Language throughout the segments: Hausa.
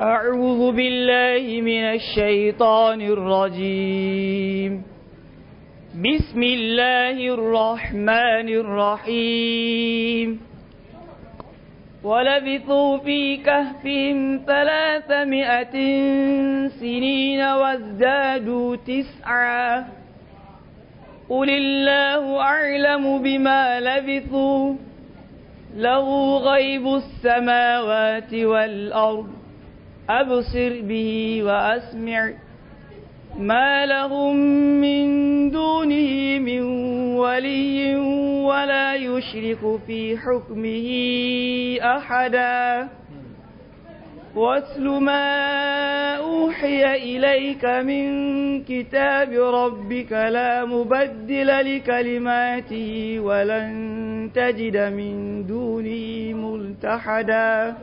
أعوذ بالله من الشيطان الرجيم بسم الله الرحمن الرحيم ولبثوا في كهفهم ثلاثمائة سنين وازدادوا تسعا قل الله أعلم بما لبثوا له غيب السماوات والأرض أبصر به وأسمع ما لهم من دونه من ولي ولا يشرك في حكمه أحدا واتل ما أوحي إليك من كتاب ربك لا مبدل لكلماته ولن تجد من دونه ملتحدا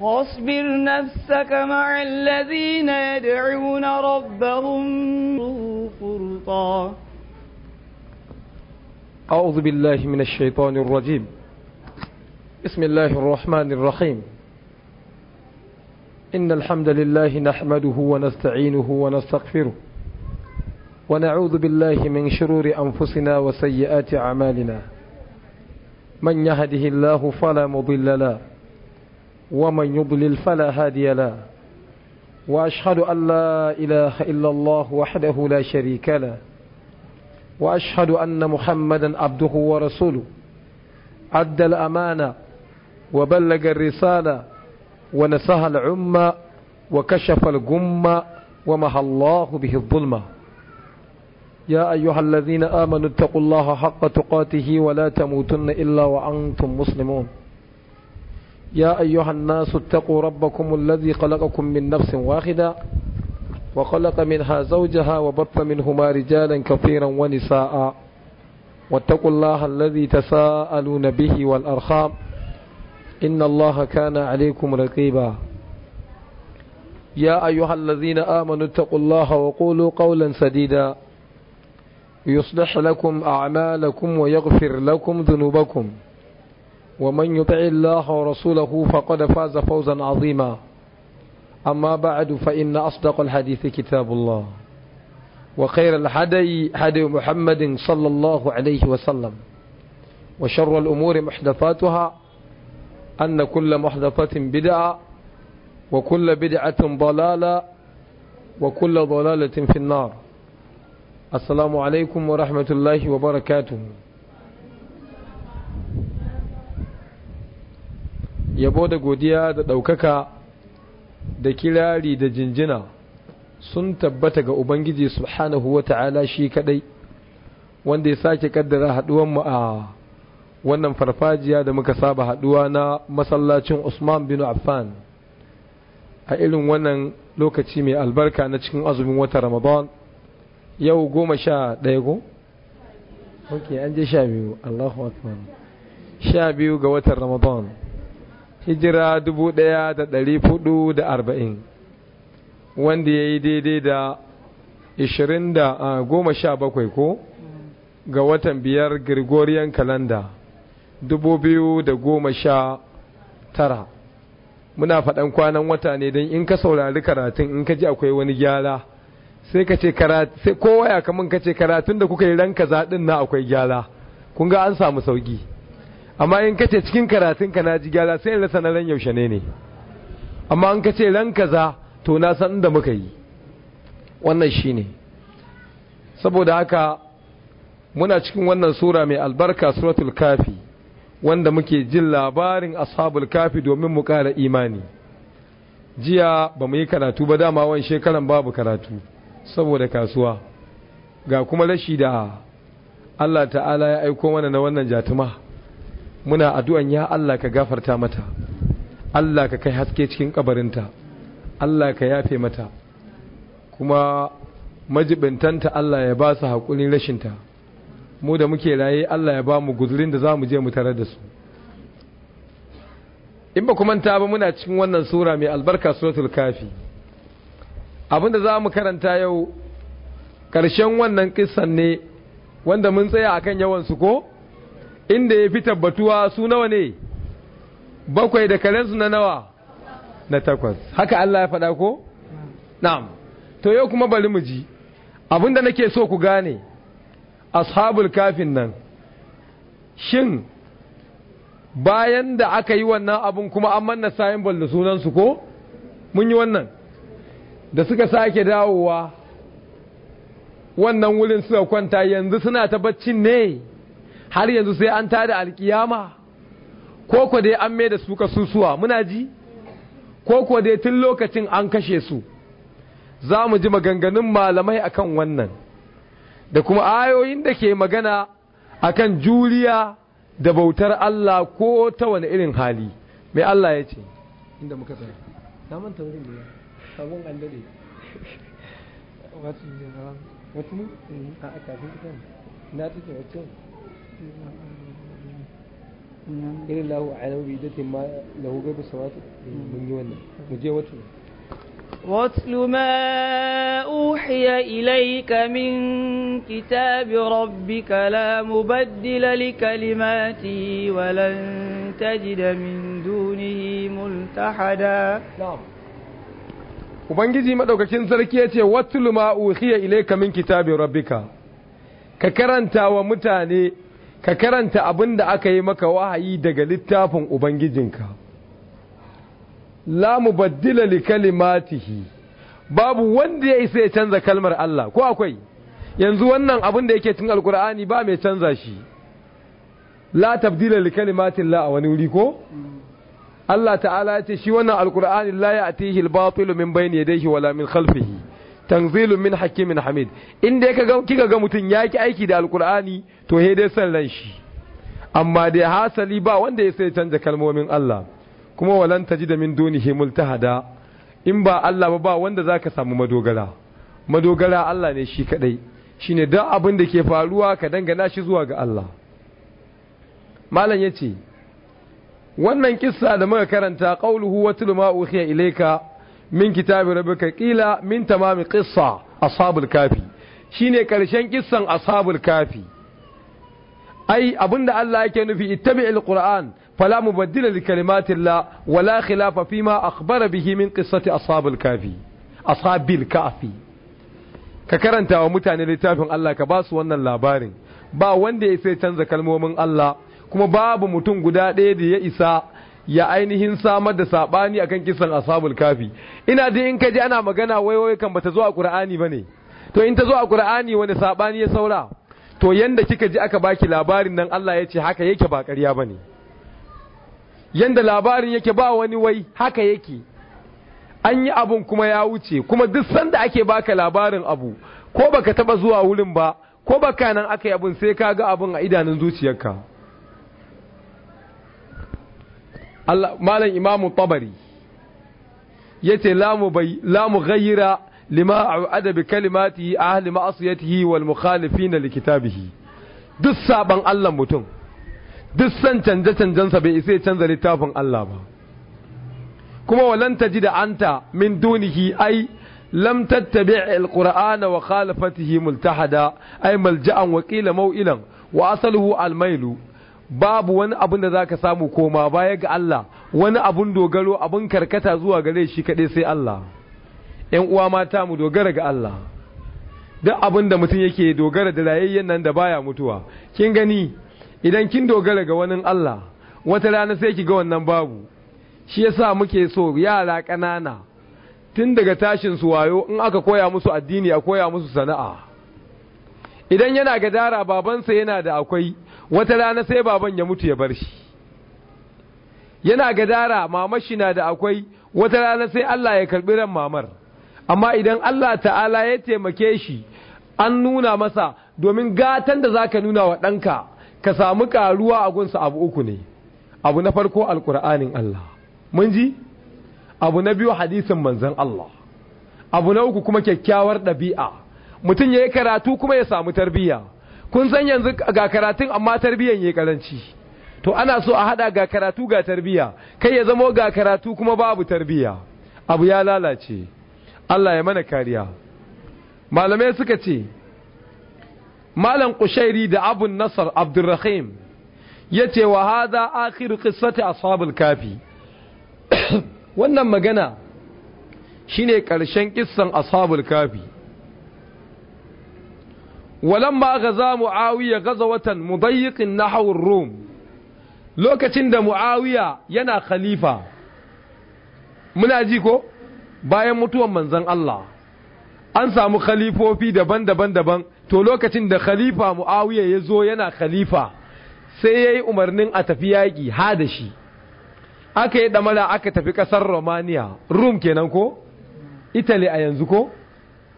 واصبر نفسك مع الذين يدعون ربهم فرطا أعوذ بالله من الشيطان الرجيم بسم الله الرحمن الرحيم إن الحمد لله نحمده ونستعينه ونستغفره ونعوذ بالله من شرور أنفسنا وسيئات أعمالنا من يهده الله فلا مضل له ومن يضلل فلا هادي له وأشهد أن لا إله إلا الله وحده لا شريك له وأشهد أن محمدا عبده ورسوله أدى الأمانة وبلغ الرسالة ونسها العمة وكشف الجمة ومحى الله به الظلمة يا أيها الذين آمنوا اتقوا الله حق تقاته ولا تموتن إلا وأنتم مسلمون يا أيها الناس اتقوا ربكم الذي خلقكم من نفس واحدة وخلق منها زوجها وبط منهما رجالا كثيرا ونساء واتقوا الله الذي تساءلون به والأرخام إن الله كان عليكم رقيبا يا أيها الذين آمنوا اتقوا الله وقولوا قولا سديدا يصلح لكم أعمالكم ويغفر لكم ذنوبكم ومن يطع الله ورسوله فقد فاز فوزا عظيما أما بعد فإن أصدق الحديث كتاب الله وخير الحدي حدي محمد صلى الله عليه وسلم وشر الأمور محدثاتها أن كل محدثة بدعة وكل بدعة ضلالة وكل ضلالة في النار السلام عليكم ورحمة الله وبركاته yabo da godiya da ɗaukaka da kirari da jinjina sun tabbata ga ubangiji subhanahu wa ta'ala shi kaɗai wanda ya sake kaddara mu a wannan farfajiya da muka saba haɗuwa na masallacin usman bin affan a irin wannan lokaci mai albarka na cikin azumin wata ramadan yau goma sha ɗaya go? ok an je sha biyu allahu sha biyu ga watan ramadan hijira dubu ɗaya da ɗari fudu da arba'in wanda ya yi daidai da ishirin da goma sha bakwai ko ga watan biyar gregorian kalanda dubu biyu da goma sha tara muna faɗan kwanan wata ne don in ka saurari karatun in ka ji akwai wani gyara sai ka ce karatun kowa ya kamun ka ce karatun da kuka yi ranka zaɗin na akwai gyara kun ga an samu sauki. amma in kace cikin karatun ka naji gyara sai in rasa na ran yaushe ne ne amma in kace ran kaza to na san inda muka yi wannan shine saboda haka muna cikin wannan sura mai albarka suratul kafi wanda muke jin labarin ashabul kafi domin mu ƙara imani jiya ba mu yi karatu ba dama wani shekaran babu karatu saboda kasuwa ga kuma rashi da Allah ta'ala ya aiko mana na wannan jatuma muna addu'an ya Allah ka gafarta mata Allah ka kai haske cikin kabarinta Allah ka yafe mata kuma majibintanta Allah ya ba su haƙurin rashinta mu da muke raye Allah ya ba mu guzurin da za mu je mu tare da su in ba kuma ta ba muna cikin wannan sura mai albarka suratul kafi abinda za mu karanta yau ƙarshen wannan ƙisan ne wanda mun tsaya akan yawansu ko inda ya fi tabbatuwa su nawa ne bakwai da karensu na nawa na takwas haka Allah ya faɗa ko na'am to yau kuma bari mu ji abinda nake so ku gane ashabul kafin nan shin bayan da aka yi wannan abun kuma an manna sayin bal da sunansu ko mun yi wannan da suka sake dawowa wannan wurin suka kwanta yanzu suna ta baccin ne har yanzu sai an tada alkiyama ko ko dai an mai da su susuwa muna ji ko ko dai tun lokacin an kashe su za mu ji maganganun malamai akan wannan da kuma ayoyin da ke magana akan juriya da bautar Allah ko ta wani irin hali mai Allah ya ce inda muka tsaya na manta wurin da ya sabon an dade ne eh, a kafin kusan na take wacce irin lahu a yanar bidatin ma lahu gaibu samatu mun yi wannan mu je wata واتل ما أوحي إليك من كتاب Ubangiji madaukakin sarki yace ce, Wattulu ma'uhiyya ilai min kitabin rabbika, ka karanta wa mutane ka karanta abin da aka yi maka wahayi daga littafin ubangijinka la mubaddila li kalimatihi babu wanda ya isa ya canza kalmar Allah ko akwai yanzu wannan abin da yake cin alkur'ani ba mai canza shi la tabdila li kalimatin a wani wuri ko Allah ta'ala ya ce shi wannan alkur'ani la ya'tihi al-batil min bayni yadayhi wala min khalfihi tanzilun min hakimin hamid in dai ga kika ga mutun yaki aiki da alqur'ani to he dai san ran shi amma da hasali ba wanda ya sai canza kalmomin Allah kuma walan tajida min dunihi multahada in ba Allah ba ba wanda zaka samu madogara madogara Allah ne shi kadai shine duk abin da ke faruwa ka dangana shi zuwa ga Allah malam yace wannan kissa da muka karanta qauluhu wa tulma ilayka min kitabi rabbika qila min tamami qissa ashabul kafi shine karshen kissan ashabul kafi ai abinda Allah yake nufi ittabi'il qur'an fala mubaddila li kalimatillah wala khilafa ma akhbara bihi min qissati ashabul kafi ashabil kafi ka karanta wa mutane littafin Allah ka ba su wannan labarin ba wanda ya sai canza kalmomin Allah kuma babu mutum guda ɗaya da ya isa ya ainihin samar da sabani akan kisan asabul kafi ina dai in kaji ana magana wai kan bata zo a qur'ani bane to in ta zo a qur'ani wani sabani ya saura to yanda kika ji aka baki labarin nan Allah ya ce haka yake ba ƙarya bane yanda labarin yake ba wani wai haka yake an yi abun kuma ya wuce kuma duk sanda ake baka labarin abu ko baka taba zuwa wurin ba ko baka nan aka yi abun sai ka ga abun a idanun zuciyarka malam imamu tabari ya ce lamu gayyira lima a adabi kalimati a ahli ma'asiyatihi wal mukhalifi na likitabihi duk saban Allah mutum duk san canje-canjensa bai isa canza littafin Allah ba kuma walanta ji da anta min dunihi ai lam tattabi alqur'ana wa khalafatihi multahada ai malja'an wa qila maw'ilan wa asaluhu almailu babu wani abin da za ka samu koma baya ga Allah wani abun dogaro abun karkata zuwa gare shi kaɗai sai Allah ‘yan uwa mata mu dogara ga Allah duk abin da mutum yake dogara da rayayyen nan da baya mutuwa kin gani idan kin dogara ga wani Allah wata rana sai ki ga wannan babu shi yasa muke so yara ƙanana tun daga tashin su wayo in aka koya musu addini a koya musu sana'a idan yana gadara babansa yana da akwai wata rana sai baban ya mutu ya bar shi yana gadara mamar shi na da akwai wata rana sai Allah ya karbi ran mamar amma idan Allah ta'ala ya taimake shi an nuna masa domin gatan da zaka nuna wa ɗanka ka samu karuwa a gunsa abu uku ne abu na farko Alkur'anin Allah mun ji abu na biyu hadisin manzon Allah abu na uku kuma kyakkyawar ɗabi'a mutum ya yi karatu kuma ya samu tarbiyya kun san yanzu ga karatun amma tarbiyyar ya karanci to ana so a hada ga karatu ga tarbiyya kai ya zamo ga karatu kuma babu tarbiyya abu ya lalace Allah ya mana kariya malamai suka ce malam kushairi da abun nasar abdurrahim ya ce wa haza akhiru qissati ashabul kafi wannan magana shine karshen kissan ashabul kafi za walamma gaza watan gazawatan na nahwu rum lokacin da ya yana khalifa muna ji ko bayan mutuwan manzon Allah an samu khalifofi daban-daban daban to lokacin da khalifa muawiya ya zo yana khalifa sai yayi umarnin a tafi yaƙi ha da shi aka yi damala aka tafi kasar romaniya Rum kenan ko Italy a yanzu ko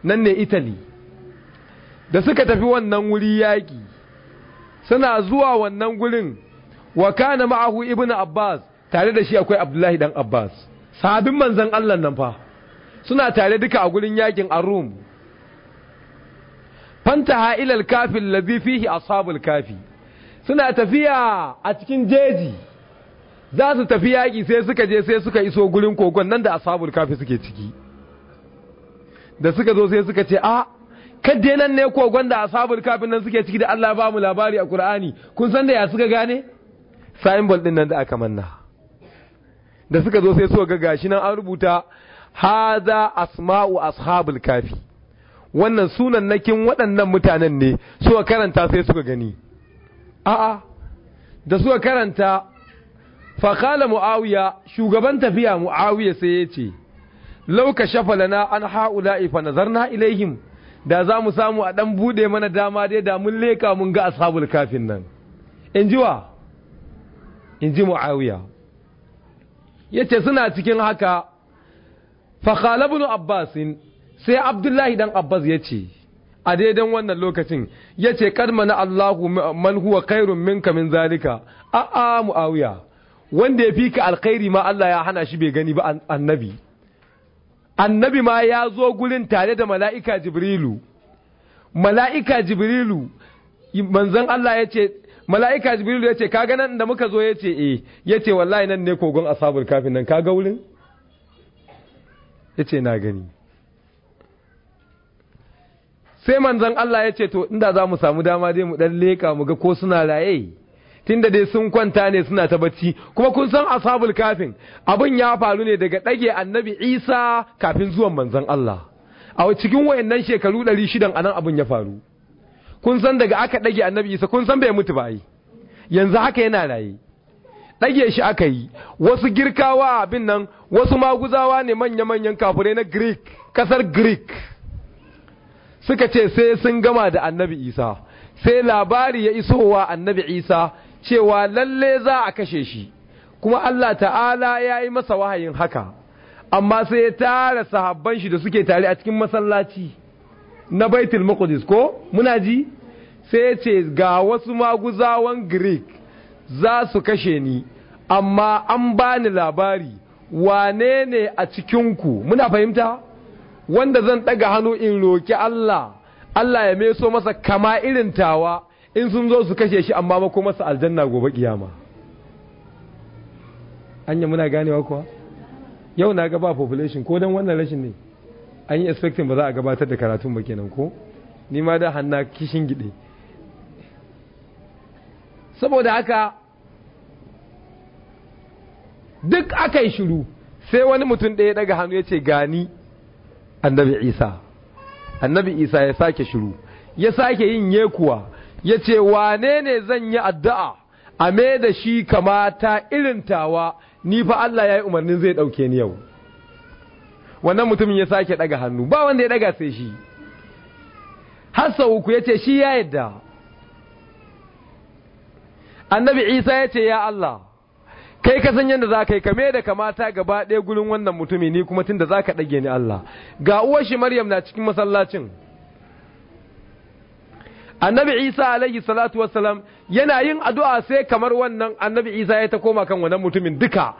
nan ne Italy da suka tafi wannan wuri yaƙi suna zuwa wannan gurin wa kana ma'ahu ibnu abbas tare da shi akwai abdullahi dan abbas sahabin manzon Allah nan fa suna tare duka a gurin yakin ar-rum fantaha ila al-kafi alladhi fihi ashabul kafi suna tafiya a cikin jeji za su tafi yaƙi sai suka je sai suka iso gurin kogon nan da ashabul kafi suke ciki da suka zo sai suka ce a ah, kadde nan ne ko gwanda asabul kafin nan suke ciki da Allah ba mu labari a Qur'ani kun san da ya suka gane Symbol din nan da aka manna da suka zo sai suka ga gashi nan an rubuta hadha asma'u ashabul kafi wannan sunan nakin waɗannan mutanen ne suka karanta sai suka gani a'a da suka karanta fakala mu'awiya shugaban tafiya mu'awiya sai ya ce lauka shafa lana an ha'ula'i fa nazarna ilaihim da za mu samu a ɗan buɗe mana dama dai da mun leka mun ga ashabul kafin nan in ji wa in ji mu'awiya ya ce suna cikin haka fakhalabnu Abbas sai abdullahi dan abbas yace a daidan wannan lokacin ya ce na allahu man huwa khairun minka min zalika a'a mu'awiya wanda ya fi ka alkhairi ma allah ya hana shi bai gani ba annabi annabi ma ya zo gurin tare da mala'ika jibrilu mala'ika jibrilu manzan Allah ya ce mala'ika jibrilu ya ce ka nan da muka zo ya ce eh ya ce wallahi nan ne kogon asabul kafin nan ka wurin ya ce na gani sai manzan Allah ya ce to inda za mu samu dama dai mu ɗan leka mu ga ko suna raye tunda dai sun kwanta ne suna ta bacci kuma kun san ashabul kafin abin ya faru ne daga ɗage annabi isa kafin zuwan manzon Allah a cikin wayannan shekaru 600 anan abin ya faru kun san daga aka ɗage annabi isa kun san bai mutu ba yi yanzu haka yana raye ɗage shi aka yi wasu girkawa abin nan wasu maguzawa ne manya-manyan kafure na greek kasar greek suka ce sai sun gama da annabi isa sai labari ya isowa annabi isa cewa lalle za a kashe shi kuma Allah ta'ala ya yi masa wahayin haka amma sai ya tara sahabban shi da suke tare a cikin masallaci na baitul maqdis ko muna ji sai ya ce ga wasu maguzawan greek za su kashe ni amma an bani labari wane ne a cikinku muna fahimta wanda zan ɗaga hannu in roki Allah Allah ya meso masa kama irin tawa in sun zo su kashe shi amma ba kuma masa aljanna gobe kiyama anya muna ganewa kuwa yau na gaba population ko dan wannan rashin ne an yi expecting ba za a gabatar da karatun ba kenan ko ni ma da hannu kishin gide saboda haka duk aka yi shiru sai wani mutum ɗaya daga hannu ya ce gani annabi isa annabi isa ya sake shiru ya sake yin yekuwa Yace, ce wane ne zan yi addu'a a me da shi kamata irin tawa ni fa Allah ya yi umarnin zai ɗauke ni yau wannan mutumin ya sake ɗaga hannu ba wanda ya ɗaga sai shi har uku yace shi ya yadda annabi isa ya ce ya Allah kai ka san yadda za ka yi kame da kamata gaba ɗaya gurin wannan mutumi ni kuma tun da za ka ɗage ni Allah ga uwar shi maryam na cikin masallacin annabi isa alayhi salatu wassalam yana yin addu'a sai kamar wannan annabi isa ya ta koma kan wannan mutumin duka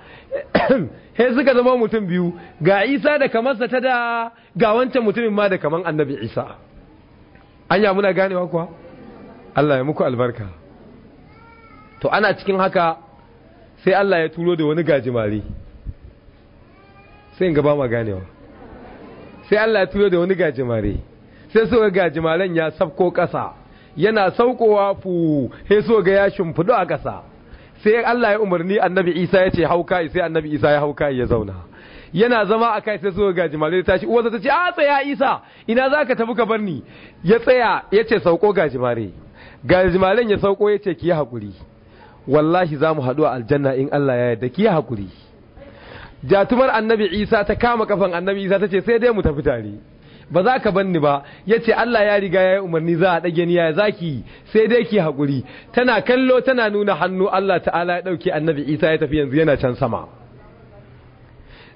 sai suka zama mutum biyu ga isa da kamarsa ta da ga wancan mutumin ma da kaman annabi isa anya muna ganewa kuwa Allah ya muku albarka to ana cikin haka sai Allah ya turo da wani gajimare sai in gaba ma ganewa sai Allah ya turo da wani gajimare sai suka gajimaren ya sabko ƙasa yana saukowa fu he so ga ya shimfidu a ƙasa sai Allah ya umarni annabi Isa ya ce kai. sai annabi Isa ya kai ya zauna yana zama a kai sai so ga jimare ta shi uwarsa ta ce a tsaya Isa ina zaka tafi ka bar ni ya tsaya ya ce sauko ga jimare ga jimaren ya sauko ya ce ki hakuri wallahi za mu haɗu a aljanna in Allah ya yarda ki hakuri jatumar annabi Isa ta kama kafan annabi Isa ta ce sai dai mu tafi tare ba za ka banni ba ya ce Allah ya riga ya yi umarni za a ɗage niya za ki sai dai ki haƙuri tana kallo tana nuna hannu Allah ta'ala ya ɗauki annabi isa ya tafi yanzu yana can sama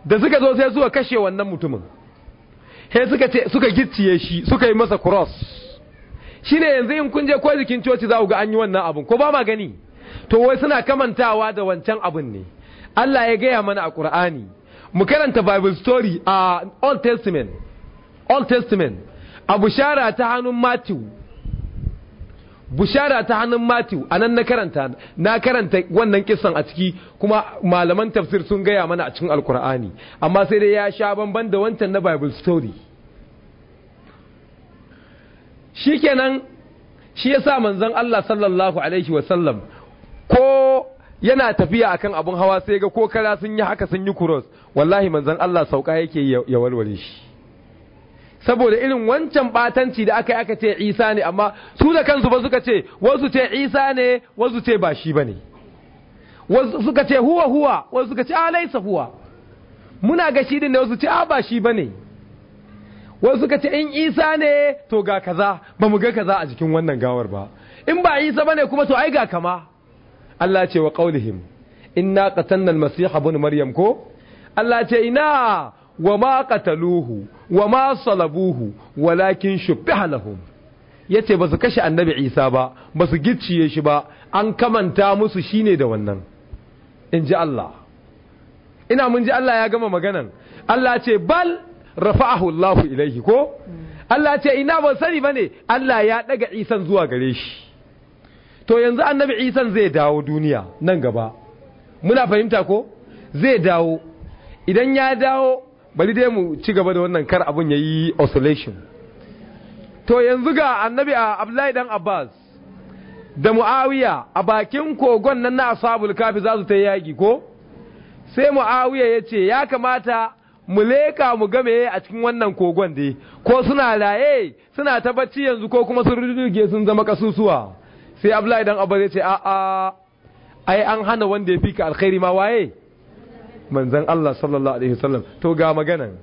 da suka zo sai suka kashe wannan mutumin sai suka ce suka gicciye shi suka yi masa cross ne yanzu in kun je ko jikin coci za ku ga an yi wannan abun ko ba ma gani to wai suna kamantawa da wancan abin ne Allah ya gaya mana a Qur'ani mu karanta Bible story a Old Testament old testament a bushara ta hannun matthew bushara ta hannun matthew a nan na karanta na karanta wannan kisan a ciki kuma malaman tafsir sun gaya mana a cikin alkur'ani amma sai dai ya sha bamban da wancan na bible story shikenan shi yasa manzon Allah sallallahu alaihi wasallam ko yana tafiya akan abun hawa sai ga ko kara sun yi haka sun yi cross wallahi manzon Allah sauka yake ya walwale shi saboda irin wancan batanci da aka yi aka ce isa ne amma su da kansu ba suka ce wasu ce isa ne wasu ce ba shi ba ne wasu suka ce huwa huwa wasu suka ce alaisa huwa muna ga shi din da wasu ce a ba shi ba ne wasu suka ce in isa ne to ga kaza ba mu ga kaza a jikin wannan gawar ba in ba isa ba ne kuma to ai ga kama Allah ce wa qaulihim inna qatanna al-masih ibn maryam ko Allah ce ina وما قتلوه وما صلبوه ولكن salabuhu walakin yace ba su kashe annabi Isa ba ba su gicciye shi ba an kamanta musu shine da wannan in ji Allah ina mun ji Allah ya gama maganan Allah ce bal rafa'ahu Allahu ilaihi ko Allah ce ina ban sani bane Allah ya daga Isan zuwa gare shi to yanzu annabi Isan zai dawo duniya nan gaba muna fahimta ko zai dawo idan ya dawo bari dai mu ci gaba da wannan kar abun yayi yi oscillation to yanzu ga annabi a ah, abdullahi dan abbas da mu'awiya a bakin kogon nan na asabul kafi zasu su ta yaki ko sai mu'awiya ya ce ya kamata mu leka mu game a cikin wannan kogon dai ko suna laye suna ta bacci yanzu ko kuma sun rurruge sun zama kasusuwa sai abdullahi dan abbas ya ce a'a ai an hana wanda ya fika alkhairi ma waye manzan Allah sallallahu alaihi wasallam to ga maganan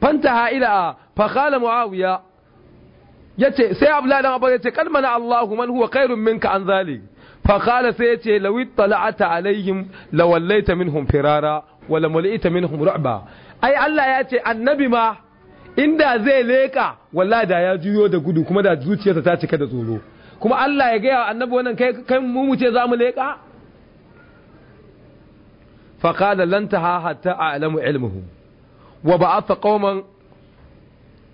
fantaha ila fa qala muawiya yace sai abdullahi dan abubakar yace kalmana Allahu man huwa khairun minka an zalik fa qala sai yace law ittala'ata alaihim lawallaita minhum firara wa lamulita minhum ru'ba ai Allah yace annabi ma inda zai leka wallahi da ya juyo da gudu kuma da zuciyarsa ta cika da tsoro kuma Allah ya ga annabi wannan kai kai mu mu ce za mu leka فقال لن تها حتى أعلم علمه وبعث قوما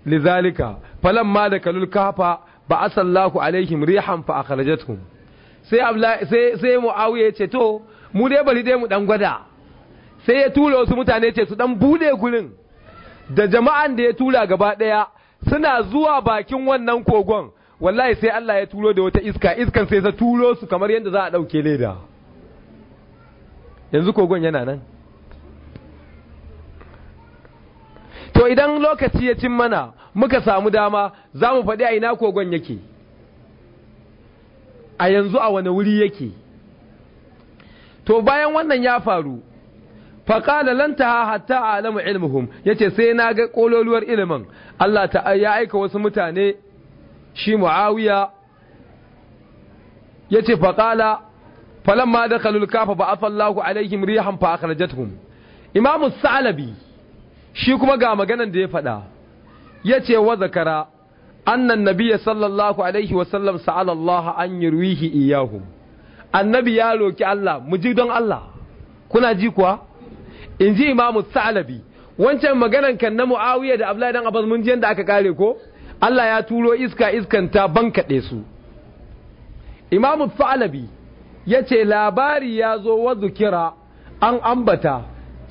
لذلك فلما دخلوا الكهف بعث الله عليهم ريحا فأخرجتهم sai abla sai sai muawiya ya ce to mu dai bari dai mu dan gwada sai ya tura wasu mutane ce su dan bude gurin da jama'an da ya tura gaba daya suna zuwa bakin wannan kogon wallahi sai Allah ya turo da wata iska iskan sai ta turo su kamar yadda za a dauke leda yanzu kogon yana nan to idan lokaci ya cin mana muka samu dama za mu faɗi a ina kogon yake a yanzu a wani wuri yake to bayan wannan ya faru faƙala lantaha hatta a alamu ilmuhum ya ce sai na ga ƙololuwar ilimin Allah ta ya aika wasu mutane shi mu'awiya ya ce faƙala falamma dakhalul kafa ba'atha Allahu alaihim rihan fa akhrajatuhum imamu salabi shi kuma ga maganan da ya faɗa yace wa zakara annan nabiyya sallallahu alaihi wa sallam sa'ala Allah an yurwihi iyahum annabi ya roki Allah mu ji don Allah kuna ji kuwa inji imamu salabi wancan maganan kan na muawiya da abdullahi dan abbas mun ji yanda aka kare ko Allah ya turo iska iskan ta bankaɗe su imamu salabi ya ce labari ya zo wa kira an ambata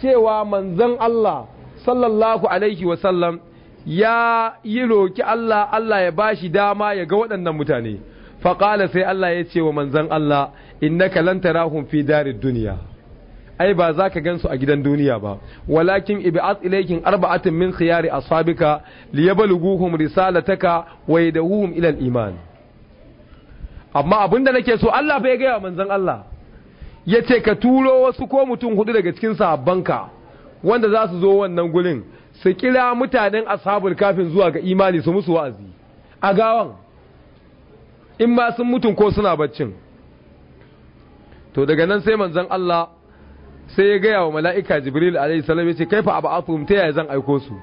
cewa manzon Allah sallallahu alaihi wasallam ya yi roki Allah Allah ya bashi dama ya ga waɗannan mutane faƙala sai Allah ya ce wa manzon Allah innaka lan tarahum fi darid duniya ai ba za ka gansu a gidan duniya ba walakin ib'at ilaykin arba'atin min khiyari ashabika liyablughuhum risalataka wa yadahuhum ila ilal iman amma abin da nake so Allah bai gaya manzon Allah ya ce ka turo wasu ko mutum hudu daga cikin sahabbanka wanda za su zo wannan gurin su kira mutanen ashabul kafin zuwa ga imani su musu wa'azi a gawan in ma sun mutum ko suna baccin to daga nan sai manzon Allah sai ya gaya wa mala'ika jibril alaihi salam ya ce kai kaifa aba'athum ta yaya zan aiko su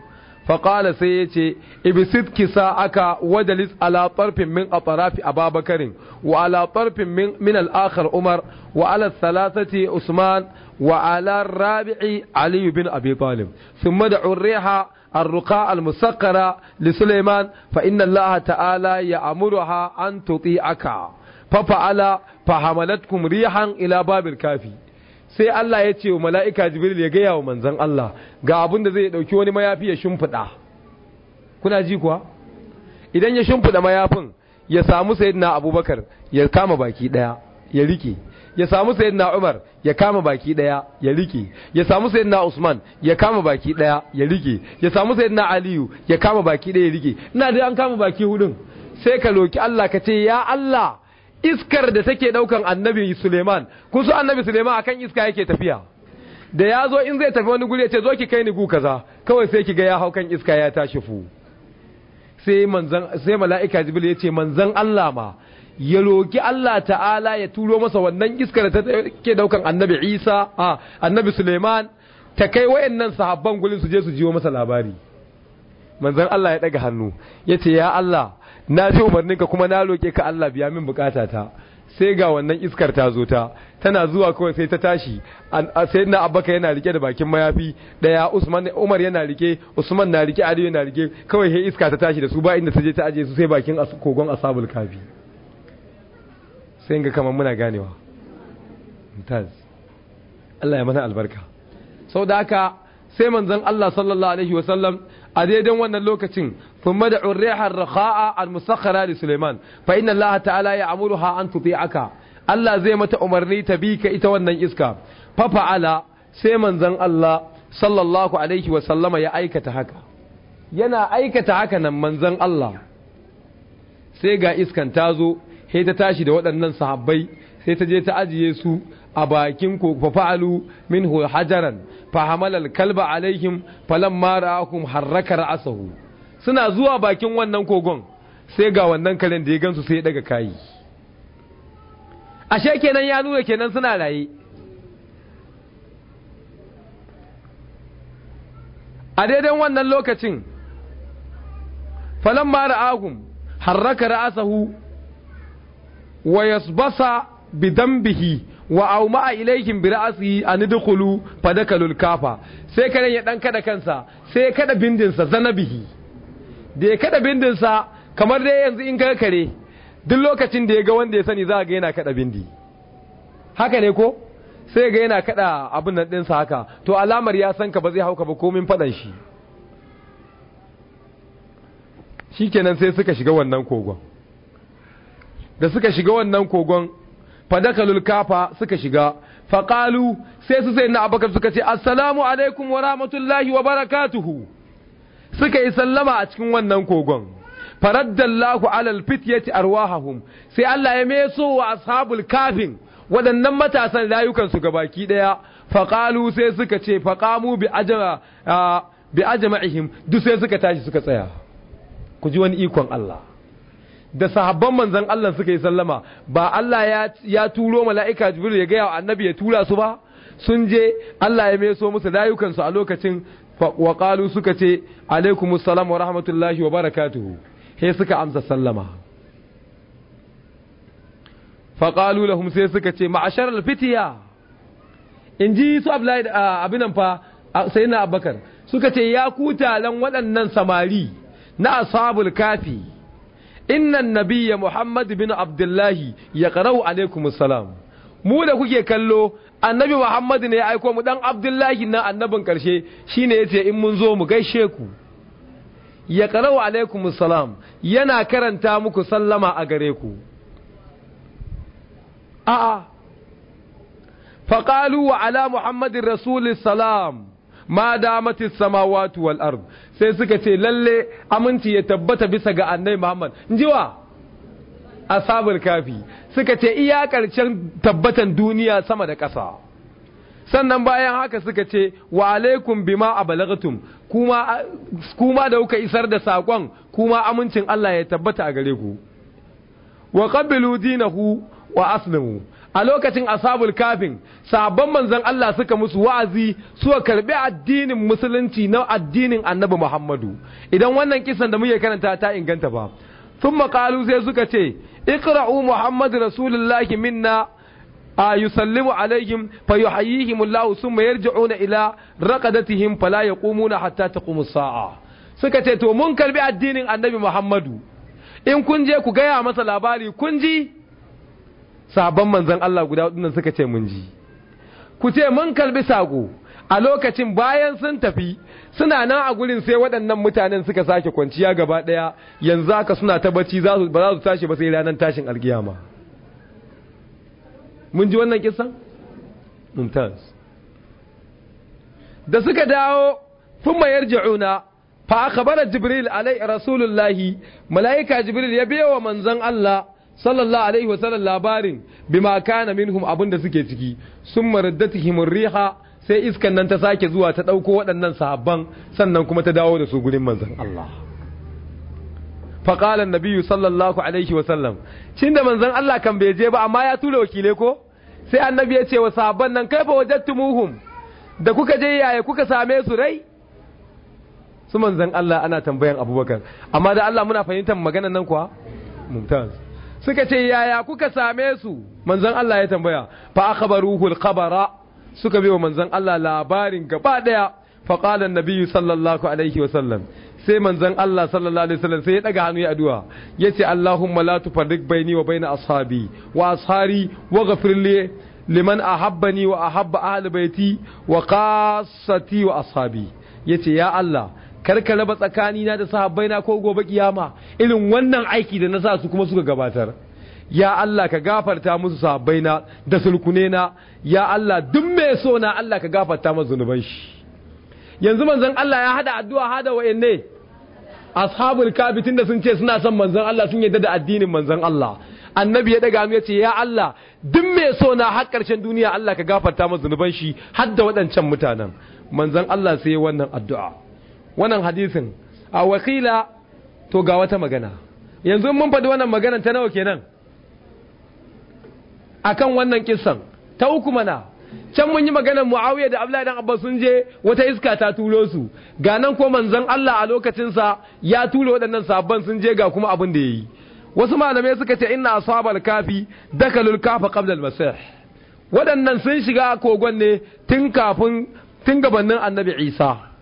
faƙala sai ya ce ibisit kisa aka wadalis ala min a farafi a babakarin wa ala min al'akar umar wa ala salasati usman wa ala rabi'i aliyu bin abi talib sun mada urriha الرقاء المسكرة لسليمان فإن الله تعالى يأمرها أن تطيعك ففعل فحملتكم ريحا إلى باب الكافي sai Allah ya ce wa mala'ika jibril ya gaya wa manzan Allah ga abin da zai ɗauki wani mayafi ya shimfiɗa kuna ji kuwa idan ya shimfiɗa mayafin ya samu sayyidina abubakar ya kama baki ɗaya ya rike ya samu sayyidina Umar ya kama baki ɗaya ya rike ya samu sayyidina Usman ya kama baki ɗaya ya rike ya samu sayyidina Aliyu ya kama baki ɗaya ya rike ina da an kama baki hudun sai ka loki Allah ka ce ya Allah iskar da take daukan annabi Suleiman su annabi Suleiman akan iska yake tafiya da ya zo in zai tafi wani guri ya ce zo ki kai ni gu kaza kawai sai ki ga ya hau kan iska ya tashi fu sai manzan sai mala'ika jibril ya ce manzan Allah ma ya roki Allah ta'ala ya turo masa wannan iskar da take daukan annabi Isa a annabi Suleiman ta kai wayannan sahabban gurin su je su jiwo masa labari manzan Allah ya daga hannu ya ce ya Allah na ji umarninka kuma na roƙe ka Allah biya min bukatata sai ga wannan iskar ta zo ta tana zuwa kawai sai ta tashi sayyidina abubakar yana rike da bakin mayafi daya usman umar yana rike usman na rike ali yana rike kawai sai iska ta tashi da su ba inda ta je ta aje su sai bakin kogon asabul kafi sai ga kamar muna ganewa mutaz Allah ya mana albarka sau da haka sai manzon Allah sallallahu alaihi wasallam a daidan wannan lokacin sun mada urrihar rakha'a al-musakhara li Suleiman fa inna Allah ta'ala ya amuruha an aka Allah zai mata umarni ta bi ka ita wannan iska fa fa'ala sai manzon Allah sallallahu alaihi wa sallama ya aikata haka yana aikata haka nan manzon Allah sai ga iskan ta zo sai ta tashi da waɗannan sahabbai sai ta je ta ajiye su a bakin ko fa'alu minhu hajaran fa kalba alaihim falon ra'akum harraka ra'asahu suna zuwa bakin wannan kogon sai ga wannan karen da ya gansu sai ya daga kayi ashe kenan ya nuna kenan suna raye a daidai wannan lokacin falon mara ra'akum harraka ra'asahu wa yasbasa bihi. wa auma ilaikin bi ra'si an dukulu fadakalul kafa sai karen ya dan kada kansa sai kada bindinsa zanabihi da ya kada bindinsa kamar dai yanzu in ka kare duk lokacin da ya ga wanda ya sani za ga yana kada bindi haka ne ko sai ga yana kada abin nan sa haka to alamar ya san ka ba zai hauka ba komin fadan shi shikenan sai suka shiga wannan kogon da suka shiga wannan kogon fadakalul kafa suka shiga faƙalu sai su sai na abakar suka ce assalamu alaikum wa rahmatullahi wa barakatuhu suka yi sallama a cikin wannan kogon faraddallahu alal fityati arwahahum sai Allah ya meso wa ashabul kafin waɗannan matasan layukan su gabaki daya faqalu sai suka ce faqamu bi ajma bi ajma'ihim duk sai suka tashi suka tsaya ku ji wani ikon Allah da sahabban manzon Allah suka yi sallama ba Allah ya turo mala'ika Jibril ya gaya wa annabi ya tura su ba sun je Allah ya meso musu dayukansu a lokacin waƙalu suka ce alaikumus salam wa rahmatullahi wa barakatuhu he suka amsa sallama faƙalu lahum sai suka ce ma'ashar alfitiya fitiya inji su Abdullahi ah, abinan fa ah, sayyidina Abakar suka ce ya kutalan waɗannan samari na asabul kafi innan nabiyya muhammad bin abdullahi ya karau alaikum salam mu da kuke kallo annabi muhammad ne ya aiko mu dan abdullahi na annabin karshe shine yace in mun zo mu gaishe ku ya karau alaikum salam yana karanta muku sallama a gare ku a'a faqalu wa ala muhammadin rasulis salam ma damatis samawatu wal ard sai suka ce lalle aminci ya tabbata bisa ga annabi Muhammad injiwa asabul kafi suka ce iya karshen tabbatan duniya sama da ƙasa sannan bayan haka suka ce wa alaikum bima abalagtum kuma kuma da kuka isar da sakon kuma amincin Allah ya tabbata a gare ku wa qabilu dinahu wa aslimu a lokacin ashabul kafin sabon manzon Allah suka musu wa'azi suka karbi addinin musulunci na addinin annabi Muhammadu idan wannan kisan da muke karanta ta inganta ba thumma qalu sai suka ce iqra'u muhammad rasulullahi minna يسلم عليهم فيحييهم الله ثم يرجعون ila رقدتهم فلا يقومون حتى تقوم sa'a. suka ce to mun karbi addinin annabi Muhammadu in kun je ku gaya masa labari kun ji sabon manzan Allah guda hudu nan suka ce mun ji ku ce mun kalbi sago a lokacin bayan sun tafi suna nan a gurin sai waɗannan mutanen suka sake kwanciya gaba ɗaya yanzu haka suna ta bacci ba za su tashi ba sai ranar tashin alkiyama mun ji wannan kisan? mumtaz da suka dawo sun mayar fa akhbara jibril alai rasulullahi mala'ika jibril ya biyo wa manzon Allah sallallahu alaihi wa sallam labarin bima kana minhum abunda suke ciki sun maraddatihim riha sai iskan nan ta sake zuwa ta dauko waɗannan sahabban sannan kuma ta dawo da su gurin manzon Allah Faƙalan an-nabiyyu sallallahu alaihi wa wasallam da manzon Allah kan bai je ba amma ya tura wakile ko sai annabi ya ce wa sahabban nan kaifa wajadtumuhum da kuka je yaya kuka same su rai su manzon Allah ana tambayan Abubakar amma da Allah muna fahimtar maganar nan kuwa mumtaz suka ce yaya kuka same su manzon Allah ya tambaya fa akhbaruhu khabara suka bi wa manzon Allah labarin gaba daya fa qala an sallallahu alaihi wa sallam sai manzon Allah sallallahu alaihi wasallam sai ya daga hannu ya addu'a yace Allahumma la tufarriq baini wa baina ashabi wa ashari wa ghafir li liman ahabbani wa ahabba ahli baiti wa qassati wa ashabi yace ya Allah kar ka raba tsakanina da sahabbaina ko gobe kiyama irin wannan aiki da na sa su kuma suka gabatar ya Allah ka gafarta musu sahabbaina da sulkunena ya Allah duk mai so na Allah ka gafarta masa zunuban shi yanzu manzon Allah ya hada addu'a hada wa'anne ashabul kabi tunda sun ce suna son manzon Allah sun yarda da addinin manzon Allah annabi ya daga ya ce ya Allah duk mai so na har karshen duniya Allah ka gafarta masa zunuban shi har waɗancan mutanen manzon Allah sai wannan addu'a wannan hadisin a wakila to ga wata magana yanzu mun faɗi wannan magana ta nawa kenan akan wannan kissan ta uku mana can mun yi maganar muawiya da abdullahi dan abbas sun je wata iska ta turo su ga nan ko manzon Allah a lokacin sa ya turo waɗannan sabban sun je ga kuma abin da yayi wasu malamai suka ce inna ashabal kafi dakalul kafa qabla al-masih waɗannan sun shiga kogon ne tun kafin tun gabanin annabi Isa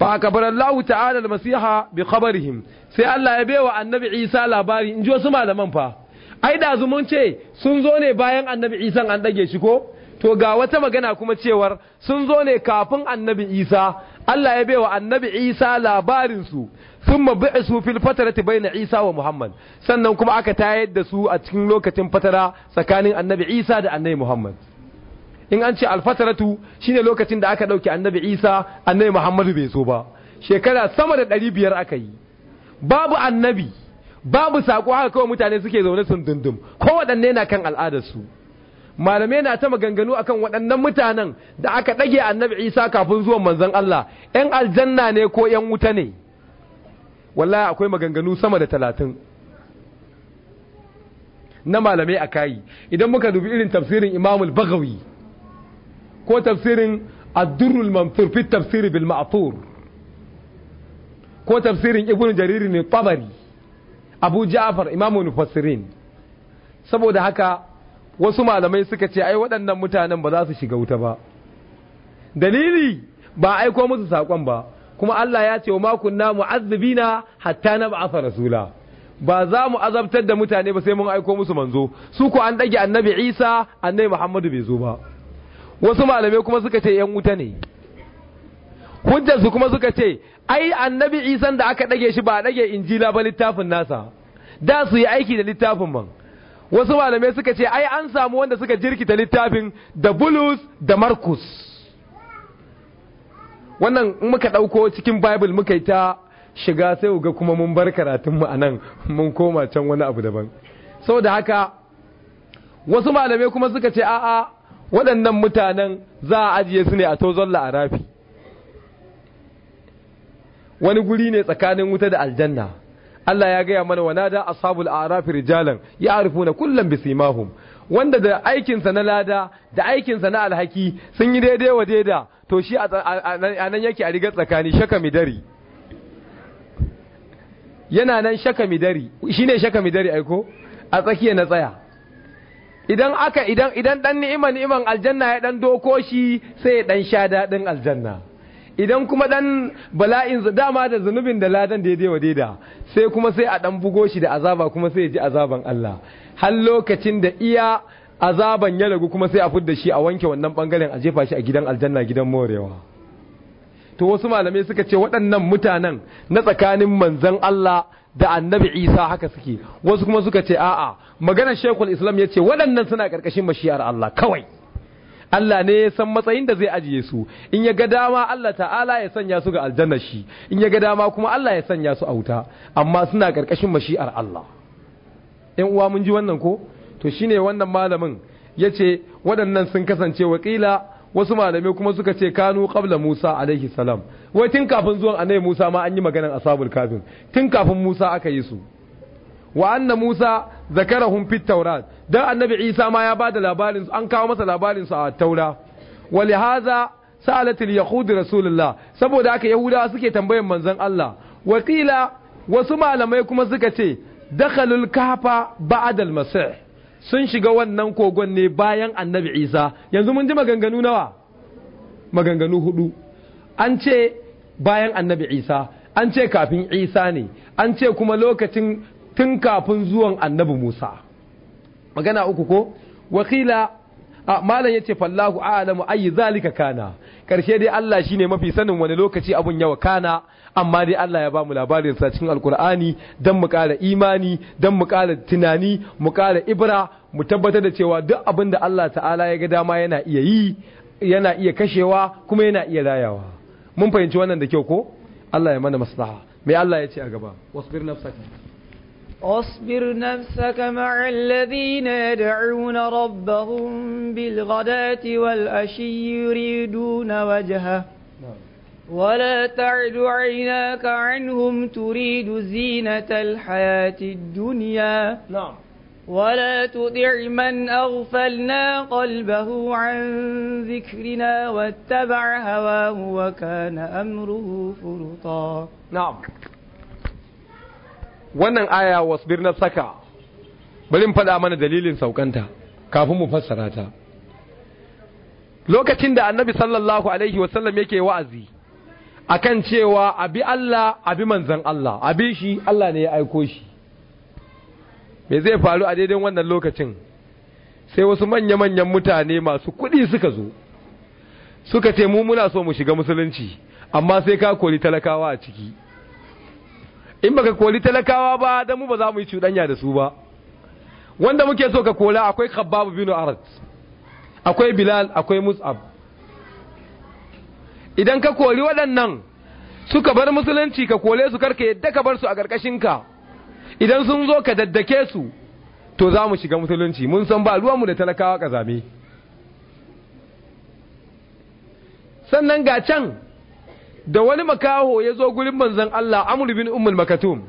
fa kabarallahu Allah ta'ala al-masiha bi khabarihim sai Allah ya baiwa annabi Isa labari in ji wasu malaman fa ai da zumun ce sun zo ne bayan annabi Isa an dage shi ko to ga wata magana kuma cewar sun zo ne kafin annabi Isa Allah ya baiwa annabi Isa labarin su thumma bi'su fil fatarati bayna Isa wa Muhammad sannan kuma aka tayar da su a cikin lokacin fatara tsakanin annabi Isa da annabi Muhammad in an ce alfataratu shine lokacin da aka dauke annabi Isa annabi Muhammadu bai zo ba shekara sama da ɗari biyar aka yi babu annabi babu sako haka kawai mutane suke zaune sun dundum ko waɗanne na kan al'adarsu malamai na ta maganganu akan waɗannan mutanen da aka ɗage annabi Isa kafin zuwan manzon Allah yan aljanna ne ko yan wuta ne wallahi akwai maganganu sama da talatin na malamai a kayi idan muka dubi irin tafsirin imamul bagawi ko tafsirin addurul mamtur fi tafsiri bil ma'thur ko tafsirin ibnu jariri ne tabari abu ja'far imamu mufassirin saboda haka wasu malamai suka ce ai waɗannan mutanen ba za su shiga wuta ba dalili ba aiko musu saƙon ba kuma Allah ya ce wa makunna mu'azzibina hatta na ba'asa rasula ba za mu azabtar da mutane ba sai mun aiko musu manzo su ko an dage annabi Isa annabi Muhammadu bai zo ba wasu malamai kuma suka ce ‘yan wuta ne hujjarsu kuma suka ce ai annabi isan da aka ɗage shi ba a ɗage injila ba littafin nasa da su yi aiki da littafin man wasu malamai suka ce ai an samu wanda suka jirkita littafin da bulus da markus wannan muka ɗauko cikin bible muka yi ta shiga sai ga kuma mun bar karatunmu a nan mun koma can wani abu daban saboda haka wasu malamai kuma suka ce a'a waɗannan mutanen za a ajiye su ne a tozon la'arafi wani guri ne tsakanin wuta da aljanna Allah ya gaya mana wana da ashabul arafi rijalan ya arifu na kullum bisimahum wanda da aikinsa na lada da aikinsa na alhaki sun yi daidai wa daida to shi a nan yake a rigar tsakani shaka midari yana nan shaka midari shi ne shaka midari aiko a tsakiya na tsaya idan aka idan idan dan ni'ima ni'iman aljanna ya dan doko shi sai ya dan sha dadin aljanna idan kuma dan bala'in dama da zunubin da ladan daidai dewa daida sai kuma sai a dan bugo shi da azaba kuma sai ya ji azaban Allah har lokacin da iya azaban ya ragu kuma sai a fudda shi a wanke wannan bangaren a jefa shi a gidan aljanna gidan morewa to wasu malamai suka ce waɗannan mutanen na tsakanin manzon Allah da annabi isa haka suke wasu kuma suka ce a'a maganar shekul islam ya ce waɗannan suna ƙarƙashin mashiyar allah kawai Allah ne ya san matsayin da zai ajiye su in ya ga dama Allah ta'ala ya sanya su ga aljanna shi in ya ga dama kuma Allah ya sanya su a wuta amma suna ƙarƙashin mashi'ar Allah Yan uwa mun ji wannan ko to shine wannan malamin ya ce waɗannan sun kasance waƙila wasu malamai kuma suka ce kanu qabla Musa alaihi salam wai tun kafin zuwan annabi Musa ma an yi maganar ashabul kafin tun kafin Musa aka yi su wa anna Musa zakarahum fit taurat dan annabi Isa ma ya bada labarin an kawo masa labarin su a taura walihaza sa'alat al-yahud rasulullah saboda haka yahudawa suke tambayan manzon Allah wakila wasu malamai kuma suka ce dakhalul kafa ba'da al-masih sun shiga wannan kogon ne bayan annabi isa yanzu mun ji maganganu nawa maganganu hudu an ce bayan annabi isa an ce kafin isa ne an ce kuma lokacin tun kafin zuwan annabi musa magana uku ko wakila malam yace fallahu a'lamu ayi zalika kana karshe dai Allah shine mafi sanin wani lokaci abun yawa kana amma dai Allah ya ba mu labarin sa cikin alkur'ani dan mu ƙara imani dan mu ƙara tunani mu kara ibra mu tabbatar da cewa duk abin da Allah ta'ala ya ga dama yana iya yi yana iya kashewa kuma yana iya rayawa mun fahimci wannan da kyau ko Allah ya mana maslaha mai Allah ya ce a gaba wasbir nafsaka واصبر نفسك مع الذين يدعون ربهم بالغداة والأشي يريدون وجهه ولا تعد عيناك عنهم تريد زينة الحياة الدنيا نعم ولا تطع من أغفلنا قلبه عن ذكرنا واتبع هواه وكان أمره فرطا نعم wannan aya wasbir na saka bari in faɗa mana dalilin saukanta kafin mu fassara ta lokacin da annabi sallallahu alaihi wasallam yake wa'azi akan cewa abi Allah abi manzan Allah abi shi Allah ne ya aiko shi me zai faru a daidai wannan lokacin sai wasu manya-manyan mutane masu kuɗi suka zo suka ce mu muna so mu shiga musulunci amma sai ka koli talakawa a ciki in baka koli talakawa ba dan mu ba za mu yi cuɗanya da su ba wanda muke so ka kola akwai khabbab bin arad akwai bilal akwai mus'ab idan ka kori waɗannan suka bar musulunci ka kore su karka yadda ka bar su a ƙarƙashinka idan sun zo ka daddake su to za mu shiga musulunci mun san ba ruwanmu da talakawa ƙazame sannan ga can da wani makaho ya zo gurin manzan Allah amur bin ummul makatum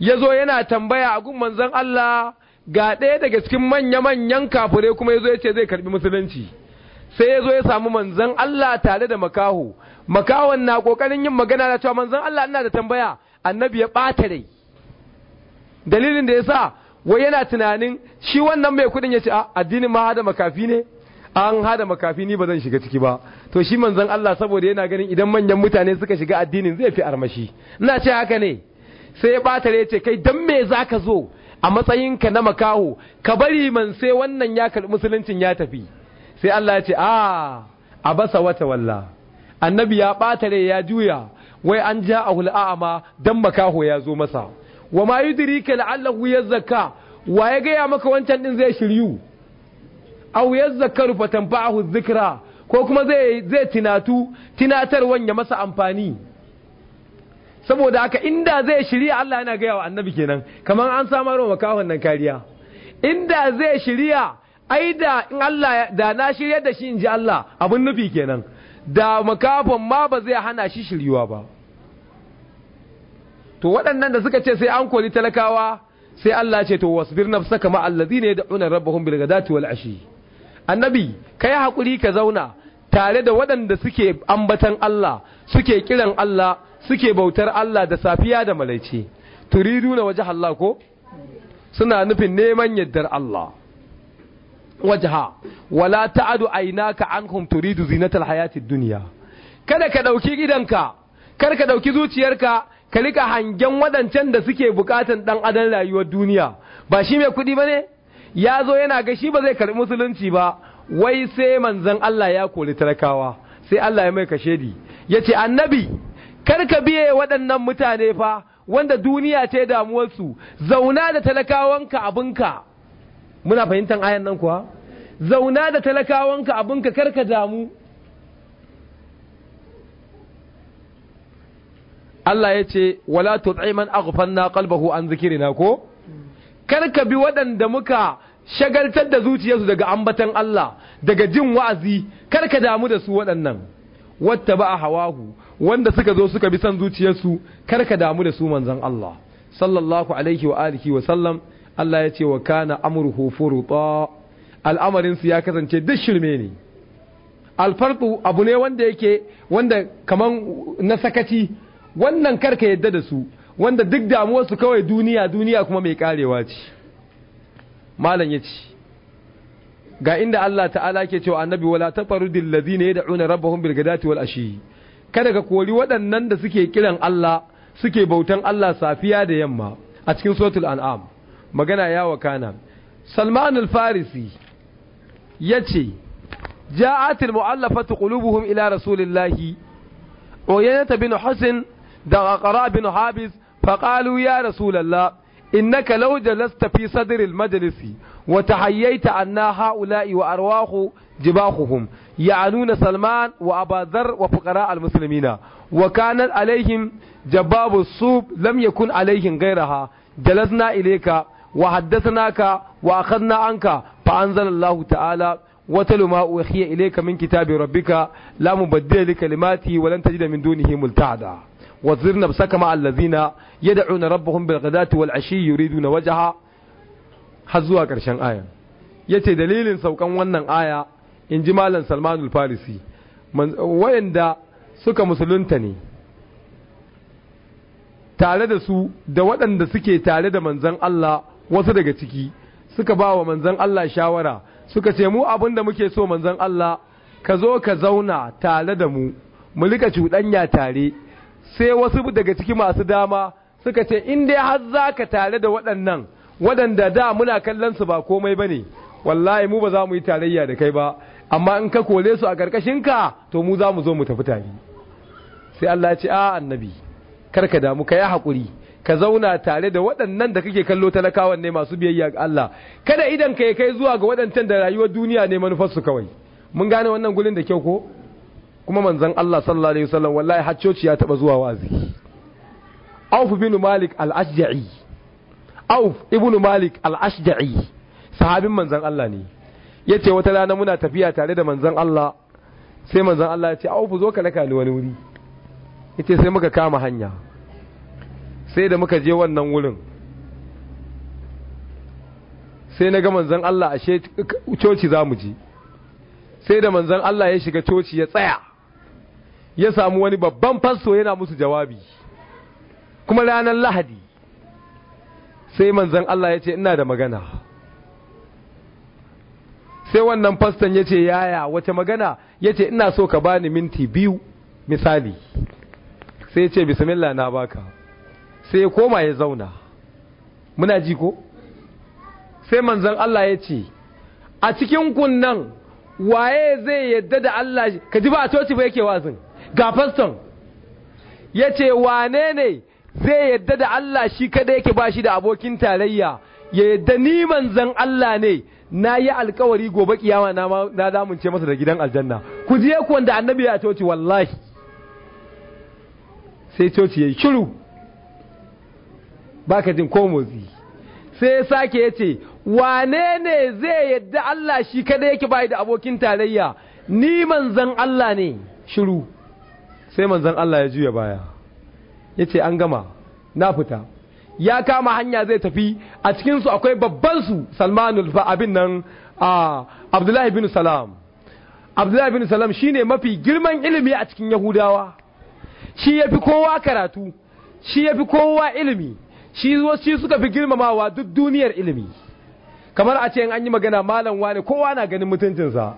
ya zo yana tambaya a gun manzan Allah ga ɗaya daga cikin manya-manyan kafure kuma ya zo ya ce zai karɓi musulunci sai ya zo ya samu manzan Allah tare da makaho makaho na kokarin yin magana da cewa manzan Allah ina da tambaya annabi ya ɓata rai dalilin da ya sa wai yana tunanin shi wannan mai kudin ya ce a ah, addinin ma hada makafi ne an hada makafi ni ba zan shiga ciki ba to shi manzon Allah saboda yana ganin idan manyan mutane suka shiga addinin zai fi armashi ina ce haka ne sai ya ɓata rai ya ce kai dan me ka zo a matsayinka na makaho ka bari man sai wannan ya karɓi musuluncin ya tafi sai Allah ya ce ah, a basa wata walla annabi ya ɓata ya juya wai an ja a hul'a'ama dan makaho ya zo masa wa ma yudrika la'allahu yazzaka wa ya gaya maka wancan din zai shiryu aw yazzakaru fatanfa'ahu dhikra ko kuma zai zai tinatu tinatarwan ya masa amfani saboda haka inda zai shirya Allah yana gaya wa annabi kenan kamar an samar wa makahon nan kariya inda zai shirya ai da in Allah da na shirya da shi in ji Allah abin nufi kenan da makafin ma ba zai hana shi shiryuwa ba to waɗannan da suka ce sai an koli talakawa sai Allah ce to wasbir allazi ne da yad'una rabbahum bil ghadati wal ashi annabi kai hakuri ka zauna tare da waɗanda suke ambatan Allah suke kiran Allah suke bautar Allah da safiya da malaice turiduna waje Allah ko suna nufin neman yaddar Allah wajha wala ta'adu aynaka anhum turidu zinatal hayatid dunya kada ka dauki gidanka kar ka dauki zuciyarka ka rika hangen wadancan da suke bukatan dan adan rayuwar duniya ba shi mai kudi bane ya zo yana ga shi ba zai karbi musulunci ba wai sai manzon Allah ya kori talakawa sai Allah ya mai kashedi yace annabi kar ka biye waɗannan mutane fa wanda duniya ce damuwarsu zauna da talakawanka abinka muna fahimtar ayan nan kuwa zauna da talakawanka abinka karka damu Allah ya ce wala tut'i man qalbahu an zikrina ko karka bi waɗanda muka shagaltar da zuciyarsu daga ambatan Allah daga jin wa'azi karka damu da su waɗannan wata ba a hawahu wanda suka zo suka bi son zuciyarsu karka damu da su manzan Allah sallallahu alaihi wa alihi wa sallam Allah ya ce wa kana amruhu furta al'amarin su ya kasance duk shirme ne Alfarku abu ne wanda yake wanda kaman na sakaci wannan karka yadda da su wanda duk su kawai duniya duniya kuma mai karewa ce malam ya ce ga inda Allah ta'ala ke cewa annabi wala tafarudil ladina yad'una rabbahum bil gadati wal ashi kada ka kori waɗannan da suke kiran Allah suke bautan Allah safiya da yamma a cikin suratul an'am magana farisi ya ce ja'atil mu'allafatu qulubuhum ila rasulillahi uyayata bin husin da aqra bin habis faqalu ya rasulallah innaka law jalasta fi sadri al-majlis wa tahayyaita anna ha'ula'i wa arwahu ya nuna salman wa abadhar wa fuqara al-muslimina wa kana jababu as-sub lam yakun alayhim ghayraha jalasna ilayka wa haddathanaka wa akhadna anka fa anzalallahu ta'ala وتل ما أوحي إليك من كتاب ربك لا مبدل لكلماته ولن تجد من دونه ملتعدا واصبر نفسك مع الذين يدعون ربهم بالغداة والعشي يريدون وجهه حزوا كرشان آية yace dalilin saukan wannan aya in ji malam salmanul farisi wayanda suka musulunta ne tare da su da waɗanda suke tare da manzon Allah wasu daga ciki suka ba wa manzan Allah shawara suka ce mu abin da muke so manzan Allah ka zo ka zauna tare da mu mu lika cuɗanya tare sai wasu daga ciki masu dama suka ce in dai har za ka tare da waɗannan waɗanda da muna kallon su ba komai ba ne wallahi mu ba za mu yi tarayya da kai ba amma in ka kore su a ka to mu za mu zo mu tafi tare sai Allah ya ce a annabi ka damu ka yi haƙuri ka zauna tare da waɗannan da kake kallo talakawan ne masu biyayya ga Allah kada idan ka kai zuwa ga waɗancan da rayuwar duniya ne su kawai mun gane wannan gurin da kyau ko kuma manzon Allah sallallahu alaihi wasallam wallahi haccoci ya taba zuwa wazi Auf bin Malik al-Ashja'i Auf ibn Malik al-Ashja'i sahabin manzon Allah ne yace wata rana muna tafiya tare da manzon Allah sai manzon Allah ya ce Auf zo ka laka ni wani wuri yace sai muka kama hanya sai da muka je wannan wurin sai na ga manzan Allah ashe coci za mu ji sai da manzan Allah ya shiga coci ya tsaya ya samu wani babban fasto yana musu jawabi kuma ranar lahadi sai manzan Allah ya ce ina da magana sai wannan faston ya ce yaya wace magana ya ce ina so ka bani minti biyu misali sai ya ce bismillah na baka sai ya koma ya zauna muna ji ko sai manzan Allah ya ce a cikin kunnan waye zai yadda da Allah ka ji ba a coci ba yake wazin ga faston ya ce wane ne zai yadda da Allah shi kada yake ba shi da abokin tarayya ya yadda ni manzan Allah ne na yi alkawari gobe kiyama na damunce masa da gidan aljanna ku je ku wanda annabi ya coci wallahi sai coci ya yi shiru baka jin ko motsi sai ya sake ya ce wane ne zai yadda Allah shi kada yake bai da abokin tarayya ni manzan Allah ne shiru sai manzan Allah ya juya baya ya ce an gama na fita ya kama hanya zai tafi a cikinsu akwai babban su salmanul abin nan a abdullahi bin salam abdullahi bin salam shine mafi girman ilimi a cikin yahudawa shi ya fi kowa karatu shi ya fi kowa ilimi shi shi suka fi girmamawa duk duniyar ilimi kamar a ce an yi magana malam wani kowa na ganin mutuncinsa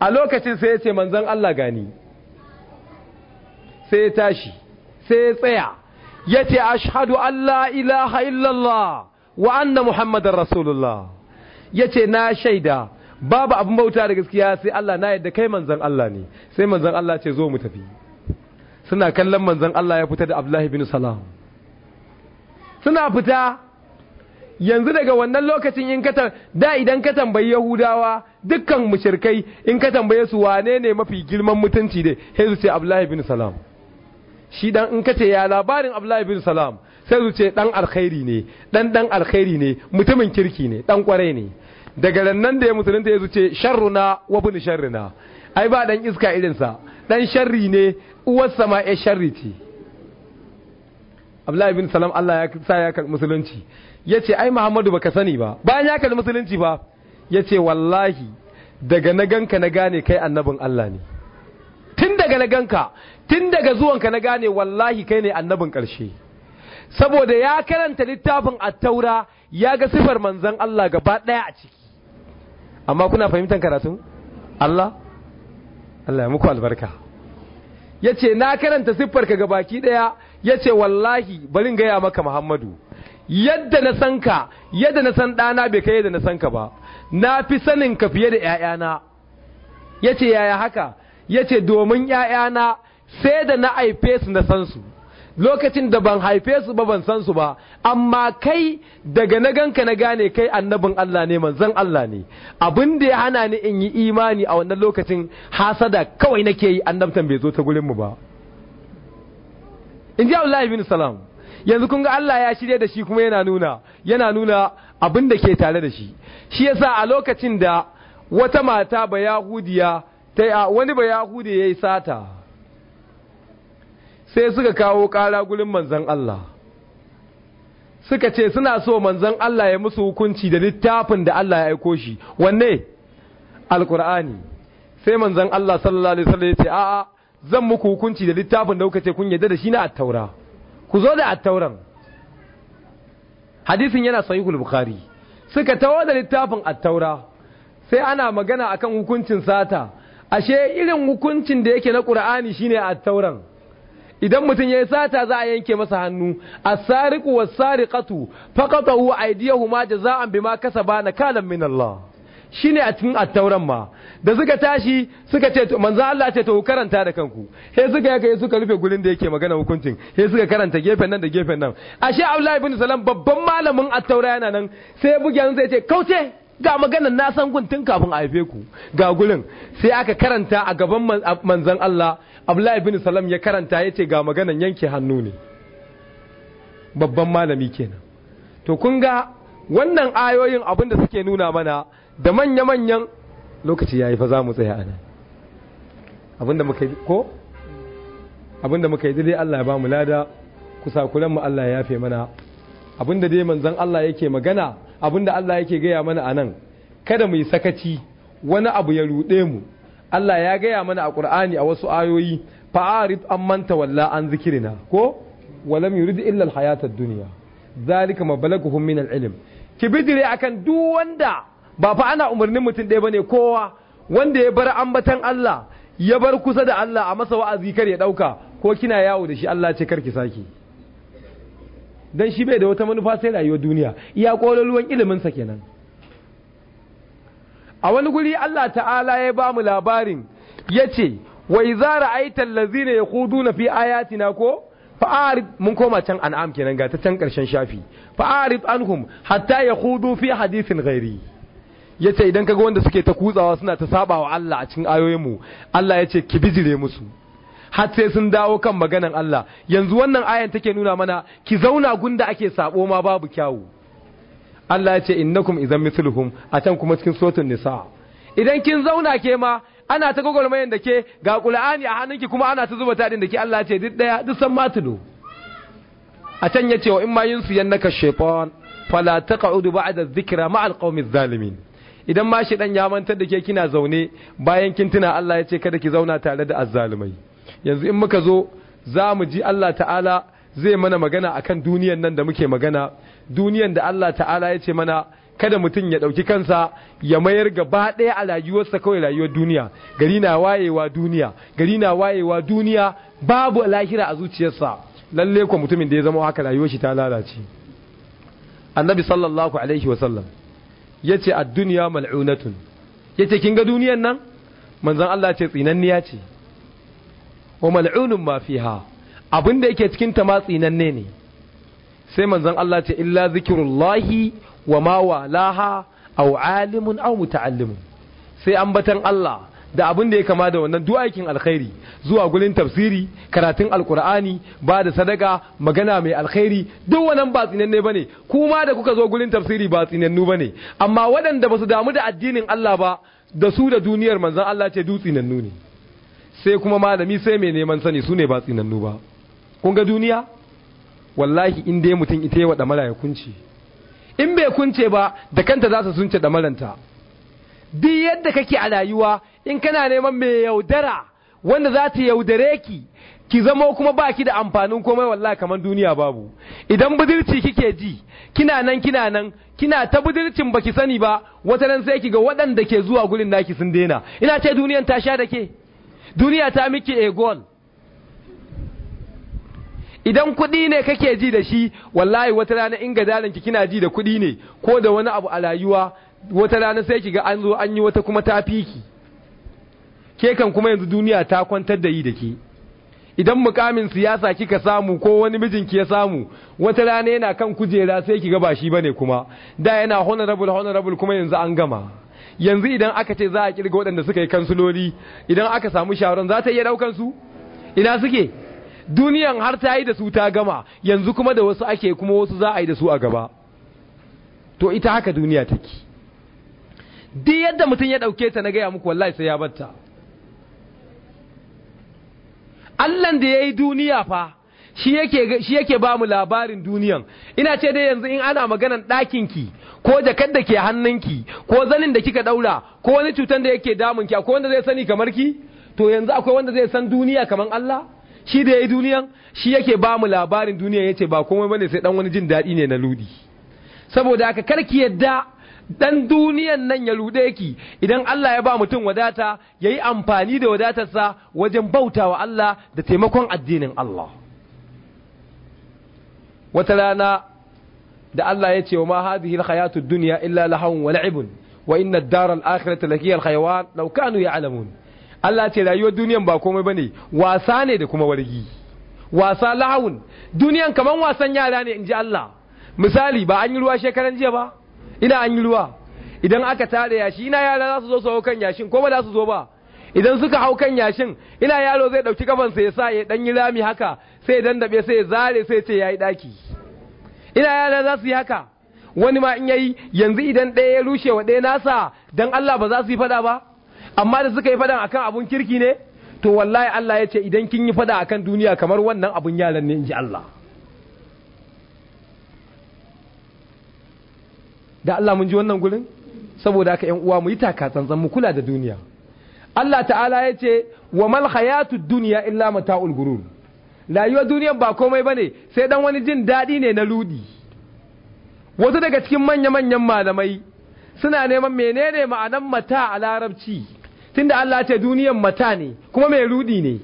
a lokacin sai ya ce manzan Allah gani sai ya tashi sai ya tsaya ya ce ashadu Allah ilaha illallah wa anna muhammadar rasulullah ya ce na shaida babu abin bauta da gaskiya sai Allah na yadda kai manzan Allah ne sai manzan Allah ce zo mu tafi suna kallon manzan Allah ya fita da Abdullahi bin Salam suna fita yanzu daga wannan lokacin in ka da idan ka tambayi yahudawa dukkan mushirkai in ka tambaye su wane ne mafi girman mutunci ne sai su ce abdullahi bin salam shi dan in ka ce ya labarin abdullahi bin salam sai su ce dan alkhairi ne dan dan alkhairi ne mutumin kirki ne dan kwarai ne daga nan da ya musulunta ya su ce sharruna wa bin sharruna ai ba dan iska irinsa dan sharri ne uwar ma ya sharri ce abdullahi bin salam Allah ya sa ya karɓi musulunci ya ce ai muhammadu baka sani ba bayan ya karɓi musulunci ba yace, ce wallahi daga na ganka na gane kai annabin Allah ne tun daga na ganka tun daga zuwanka na gane wallahi kai ne annabin ƙarshe saboda ya karanta littafin At-taura, ya ga sifar manzan Allah gaba ɗaya a ciki amma kuna fahimtar karatun Allah Allah ya muku albarka Yace, na karanta siffarka ga baki ɗaya ya ce wallahi barin gaya maka muhammadu yadda na san ka yadda na san ɗana bai kai yadda na san ka ba na fi sanin ka fiye da ‘ya'yana ya ce yaya haka ya ce domin ‘ya'yana sai da na haife su na san su lokacin da ban haife su ba ban san su ba amma kai daga na ganka na gane kai annabin Allah ne manzon Allah ne abin da ya hana ni in yi imani a wannan lokacin hasada kawai nake yi annabtan bai zo ta gurin mu ba in ji Allah ibn salam yanzu kun ga Allah ya shirya da shi kuma yana nuna yana nuna abin da ke tare da shi shi yasa a lokacin da wata mata ba yahudiya ta wani ba yahudi yayi sata sai suka kawo kara gurin manzon Allah suka ce suna so manzon Allah ya musu hukunci da littafin da Allah ya aiko shi wanne alkur'ani sai manzon Allah sallallahu alaihi wasallam ya ce a'a zan muku hukunci da littafin da kuka ce kun yarda da shi na attaura ku zo da attauran hadisin yana sahihul bukhari suka tawo da littafin attaura sai ana magana akan hukuncin sata ashe irin hukuncin da yake na qur'ani shine attauran idan mutum yayi sata za a yanke masa hannu as-sariqu was-sariqatu faqatahu aydiyahuma jazaa'an bima kasaba nakalan min Allah shine a cikin attauran ma da suka tashi suka ce manzo Allah ce to karanta da kanku he suka yake suka rufe gurin da yake magana hukuncin he suka karanta gefen nan da gefen nan ashe Abdullah ibn Salam babban malamin at-Taura yana nan sai ya buge sai ya ce kauce ga maganar na san gun tun kafin a haife ku ga gurin sai aka karanta a gaban manzon Allah Abdullah ibn Salam ya karanta ya ce ga maganar yanke hannu ne babban malami kenan to kun ga wannan ayoyin abin da suke nuna mana da manya-manyan lokaci ya yi fa za mu tsaya a nan abinda muka yi dai Allah ya ba mu lada mu Allah ya yafe mana abinda dai manzan Allah yake magana abinda Allah yake gaya mana a nan kada mu yi sakaci wani abu ya rude mu Allah ya gaya mana a ƙur'ani a wasu ayoyi fa'arif an manta walla an zikirina ko walam yurid illa al hayatad dunya zalika mabalaguhum min al ilm ki bidire akan duk wanda ba fa ana umarnin mutum ɗaya ba ne kowa wanda ya bar ambatan Allah ya bar kusa da Allah a masa wa'azi kar ya ɗauka, ko kina yawo da shi Allah ce kar ki saki dan shi bai da wata manufa sai rayuwar duniya iya kololuwan ilimin sa kenan a wani guri Allah ta'ala ya ba mu labarin yace wa idza ya allazina yaquduna fi ayatina ko fa'arif mun koma can an'am kenan ga ta can karshen shafi fa'arif anhum hatta yaqudu fi hadisin ghairi ya ce idan kaga wanda suke ta kutsawa suna ta saba wa Allah a cikin ayoyinmu Allah ya ce ki bijire musu har sai sun dawo kan maganan Allah yanzu wannan ayan take nuna mana ki zauna gunda ake sabo ma babu kyawu Allah ya ce innakum idan misluhum a can kuma cikin suratul nisa idan kin zauna ke ma ana ta gogolmayan da ke ga qur'ani a hannunki kuma ana ta zuba tadin da ke Allah ya ce duk daya duk san matulo. a can ya ce wa in ma yunsiyannaka shaytan fala taqudu ba'da dhikra ma'a al adh-dhalimin idan ma shi dan ya mantar da ke kina zaune bayan kin tuna Allah ya ce kada ki zauna tare da azzalumai yanzu in muka zo za mu ji Allah ta'ala zai mana magana akan duniyan nan da muke magana duniyan da Allah ta'ala ya ce mana kada mutum ya ɗauki kansa ya mayar gaba ɗaya a rayuwarsa kawai rayuwar duniya gari na wayewa duniya gari na wayewa duniya babu lahira a zuciyarsa lalle ko mutumin da ya zama haka rayuwar shi ta lalace annabi sallallahu alaihi wasallam yace ce a duniya mal'unatun ya ce kin ga duniyan nan manzan Allah ce tsinanniya ce wa mal'unun ma fi ha abinda yake ta ma tsinanne ne sai manzan Allah ce illa zikirullahi wa ma walaha aw alimun aw muta'allimun sai ambatan Allah da abin da ya kama da wannan duk aikin alkhairi zuwa gurin tafsiri karatun alkur'ani ba da sadaka magana mai alkhairi duk wannan ba tsinanne bane kuma da kuka zo gurin tafsiri ba tsinannu bane amma waɗanda ba su damu da addinin Allah ba da su da duniyar manzon Allah ce dutsi nannu ne sai kuma malami sai mai neman sani su ne ba tsinannu ba kun ga duniya wallahi in dai mutum ita yawa damara ya kunce in bai kunce ba da kanta za su sunce damalanta duk yadda kake a rayuwa in kana neman mai yaudara wanda za ta yaudare ki ki zama kuma ba ki da amfanin komai wallahi kamar duniya babu idan budurci kike ji kina nan kina nan kina ta budurcin baki sani ba wata nan sai ki ga waɗanda ke zuwa gurin naki sun daina ina ce duniyan ta sha da duniya ta miki a idan kuɗi ne kake ji da shi wallahi wata rana in ga ki kina ji da kuɗi ne ko da wani abu a rayuwa wata rana sai ki ga an zo an yi wata kuma ta fiki ke kan kuma yanzu duniya ta kwantar da yi da ke idan mukamin siyasa kika samu ko wani mijinki ya samu wata rana yana kan kujera sai ki gaba shi bane kuma da yana honorable honorable kuma yanzu an gama yanzu idan aka ce za a kirga waɗanda suka yi kansuloli idan aka samu shawaran za ta iya daukan su ina suke duniyan har ta yi da su ta gama yanzu kuma da wasu ake kuma wasu za a yi da su a gaba to ita haka duniya take duk yadda mutum ya ɗauke ta na gaya muku wallahi sai ya batta Allahn da ya yi duniya fa shi yake ba mu labarin duniyan ina ce dai yanzu in ana maganan ɗakin ki ko jakar da ke hannunki ko zanin da kika ɗaura ko wani cutar da yake damun ki akwai wanda zai sani kamar ki to yanzu akwai wanda zai san duniya kamar Allah shi da ya yi duniyan shi yake ba mu labarin duniya ce ba komai bane sai dan wani jin daɗi ne na ludi saboda haka kar ki yadda dan duniyan nan ya rude ki idan Allah ya ba mutum wadata ya yi amfani da wadatarsa wajen bautawa Allah da taimakon addinin Allah wata rana da Allah ya ce wa ma hadhihi alhayatu dunya illa lahawun wa la'ibun wa inna ad-dara al-akhirata lakiya al-hayawan law kanu ya'lamun Allah ce rayuwar duniyan ba komai bane wasa ne da kuma wargi wasa lahawun duniyan kaman wasan yara ne inji Allah misali ba an yi ruwa shekaran jiya ba ina an yi ruwa idan aka tare yashi ina yara za su zo su hau kan yashin ko ba za su zo ba idan suka hau kan yashin ina yaro zai ɗauki kafansa ya sa ya ɗan yi rami haka sai ya dandabe sai ya zare sai ce yayi yi ɗaki ina yara za su yi haka wani ma in yayi yanzu idan ɗaya ya rushe wa ɗaya nasa dan Allah ba za su yi fada ba amma da suka yi fadan akan abun kirki ne to wallahi Allah ya ce idan kin yi fada akan duniya kamar wannan abun yaran ne in ji Allah da Allah mun ji wannan gurin saboda haka ƴan uwa mu yi taka tsantsan mu kula da duniya Allah ta'ala ya ce wa mal hayatu dunya illa mata'ul gurur rayuwar duniyar ba komai bane sai dan wani jin daɗi ne na ludi wasu daga cikin manya-manyan malamai suna neman menene ma'anan mata a larabci tunda Allah ce duniyar mata ne kuma mai rudi ne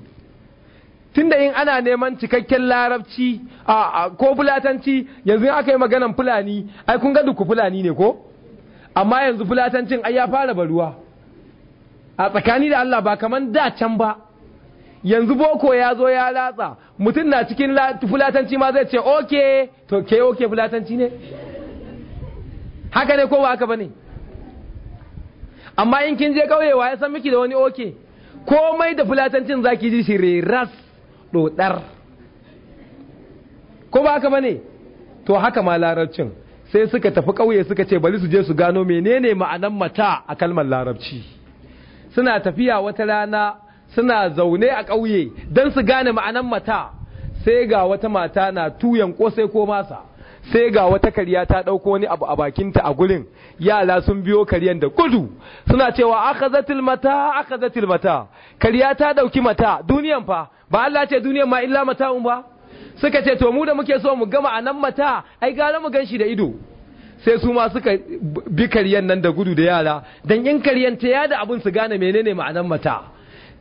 tunda in ana neman cikakken larabci a ko fulatanci yanzu aka yi maganan fulani ai kun ga duku fulani ne ko amma yanzu fulatancin ai ya fara baruwa a tsakani da Allah ba kaman da can ba yanzu boko ya zo ya latsa mutum na cikin fulatanci ma zai ce oke to ke oke fulatanci ne haka ne ko ba haka bane amma in kin je kauyewa ya san miki da wani oke komai da fulatancin zaki ji shi ras ɗoɗar ko ba haka bane to haka ma larabcin sai suka tafi ƙauye suka ce bari su je su gano menene ma'anan mata a kalmar larabci suna tafiya wata rana suna zaune a ƙauye don su gane ma'anan mata sai ga wata mata na tuyan kosai ko masa sai ga wata kariya ta ɗauko wani abu a bakinta a gurin yala sun biyo kariyan da gudu suna cewa aka zatil mata aka zatil mata kariya ta ɗauki mata duniyan fa ba Allah ce duniyar ma illa mata'un ba suka ce to mu da muke so mu gama anan mata ai gara mu ganshi da ido sai su ma suka bi karyan nan da gudu da yara dan in karyan ta yada abun su gane menene ma'anan mata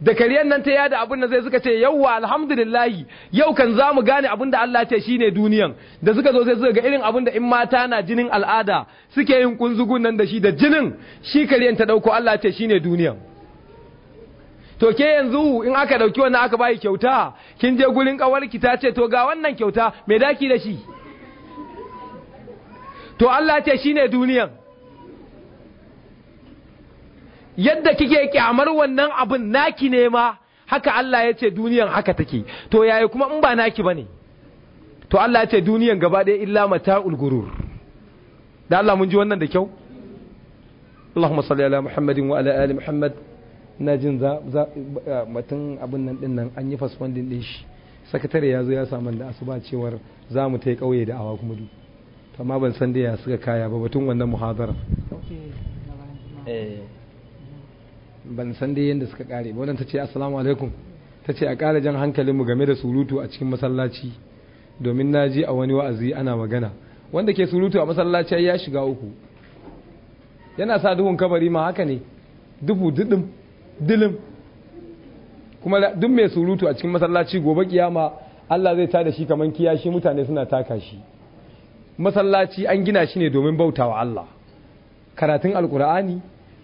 da karyan nan ta yada abun nan sai suka ce yauwa alhamdulillahi yau kan za mu gane abun da Allah ce shine duniyan da suka zo sai suka ga irin abun da in mata na jinin al'ada suke yin kunzugun nan da shi da jinin shi karyan ta dauko Allah ce shine duniyan to ke yanzu in aka dauki wannan aka bayi kyauta kin je gurin kawarki ta ce to ga wannan kyauta me daki da shi to Allah ce shine duniyan yadda kike kyamar wannan abin naki ne ma haka Allah ya ce duniyan haka take to yaya kuma in ba naki bane to Allah ya ce duniyan gaba ɗaya illa mata'ul gurur da Allah mun ji wannan da kyau Allahumma salli ala Muhammadin wa ala ali Muhammad ina jin za batun abin nan din nan an yi fasfandin din shi sakatare ya zo ya samu da asuba cewar za mu tai kauye da awa kuma du amma ban san da ya suka kaya ba batun wannan muhadara eh. ban san dai yadda suka kare wannan ta ce assalamu alaikum ta ce a kare jan hankalinmu game da surutu a cikin masallaci domin na ji a wani wa'azi ana magana wanda ke surutu a masallaci ya shiga uku yana sa duhun kabari ma haka ne duhu duɗin dilim kuma duk mai surutu a cikin masallaci gobe kiyama Allah zai tada shi kaman kiyashi mutane suna taka shi masallaci an gina shi ne domin bauta wa Allah karatun alkur'ani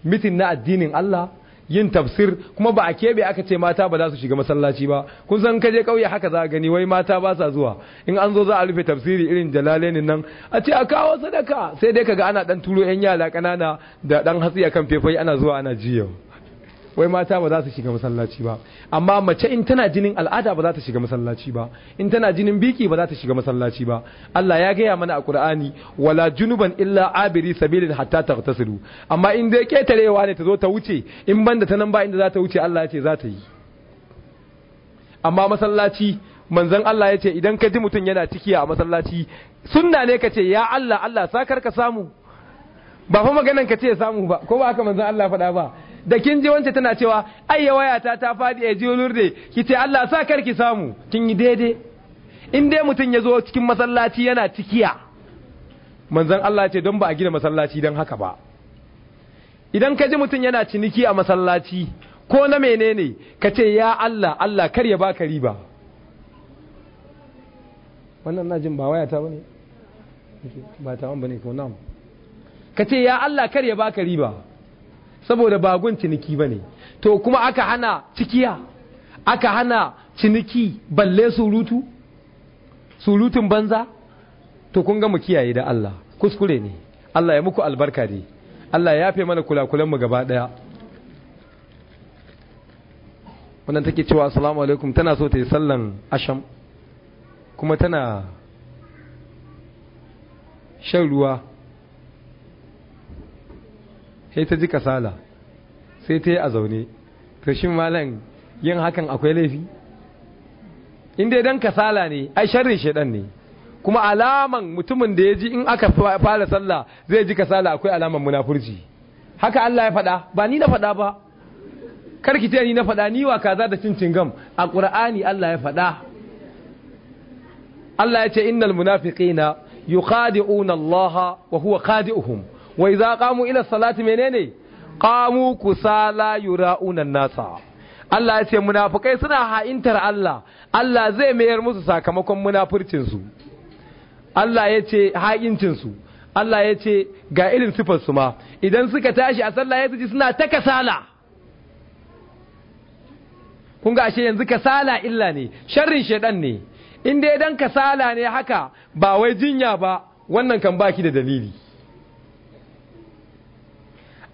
mitin na addinin Allah yin tafsir kuma ba a keɓe aka ce mata ba za su shiga masallaci ba kun san kaje kauye haka za gani wai mata ba sa zuwa in an zo za a rufe tafsiri irin jalalenin nan a ce a kawo sadaka sai dai kaga ana dan turo yan yara kanana da dan hatsi akan fefai ana zuwa ana jiyo wai mata ba za su shiga masallaci ba amma mace in tana jinin al'ada ba za ta shiga masallaci ba in tana jinin biki ba za ta shiga masallaci ba Allah ya gaya mana a Qur'ani wala junuban illa abiri sabilin hatta taghtasilu amma in dai ketarewa ne ta zo ta wuce in banda ta nan ba inda za ta wuce Allah ya ce za ta yi amma masallaci manzon Allah ya ce idan ka ji mutum yana cikiya a masallaci sunna ne ka ce ya Allah Allah sakar ka samu ba fa maganan ka ce samu ba ko ba haka manzon Allah faɗa ba da kin je wance tana cewa ai ya wayata ta fadi a jiyo lurde ki ce Allah sa kar ki samu kin yi daidai in dai mutum ya zo cikin masallaci yana cikiya manzon Allah ce don ba a gina masallaci don haka ba idan ka ji mutum yana ciniki a masallaci ko na menene ka ce ya Allah Allah kar ya baka riba wannan na jin ba wayata bane ba ta wani bane ko nam ka ce ya Allah kar ya baka riba saboda bagun ciniki ba ne to kuma aka hana cikiya aka hana ciniki balle surutu surutun banza to kun ga mu kiyaye da Allah kuskure ne Allah ya muku albarka dai Allah ya yafe mana kulakulanmu gaba daya wannan take cewa assalamu alaikum tana so ta yi sallan asham kuma tana shan ruwa sai ta ji kasala sai ta yi a zaune to shi malam yin hakan akwai laifi in dai dan kasala ne ai sharrin shaidan ne kuma alaman mutumin da ya ji in aka fara sallah zai ji kasala akwai alaman munafurci haka Allah ya faɗa ba ni na faɗa ba karki ce ni na faɗa ni wa kaza da cin gam a ƙur'ani Allah ya faɗa Allah ya ce innal munafiqina yukhadi'una Allah wa huwa khadi'uhum wa idza qamu ila salati menene qamu kusala yura'una nasa Allah ya ce munafukai suna ha'intar Allah Allah zai mayar musu sakamakon munafircin su Allah ya ce ha'incin su Allah ya ce ga irin sifar su ma idan suka tashi a sallah ya ji suna ta kasala kun ga ashe yanzu kasala illa ne sharrin shedan ne in dai dan kasala ne haka ba wai jinya ba wannan kan baki da dalili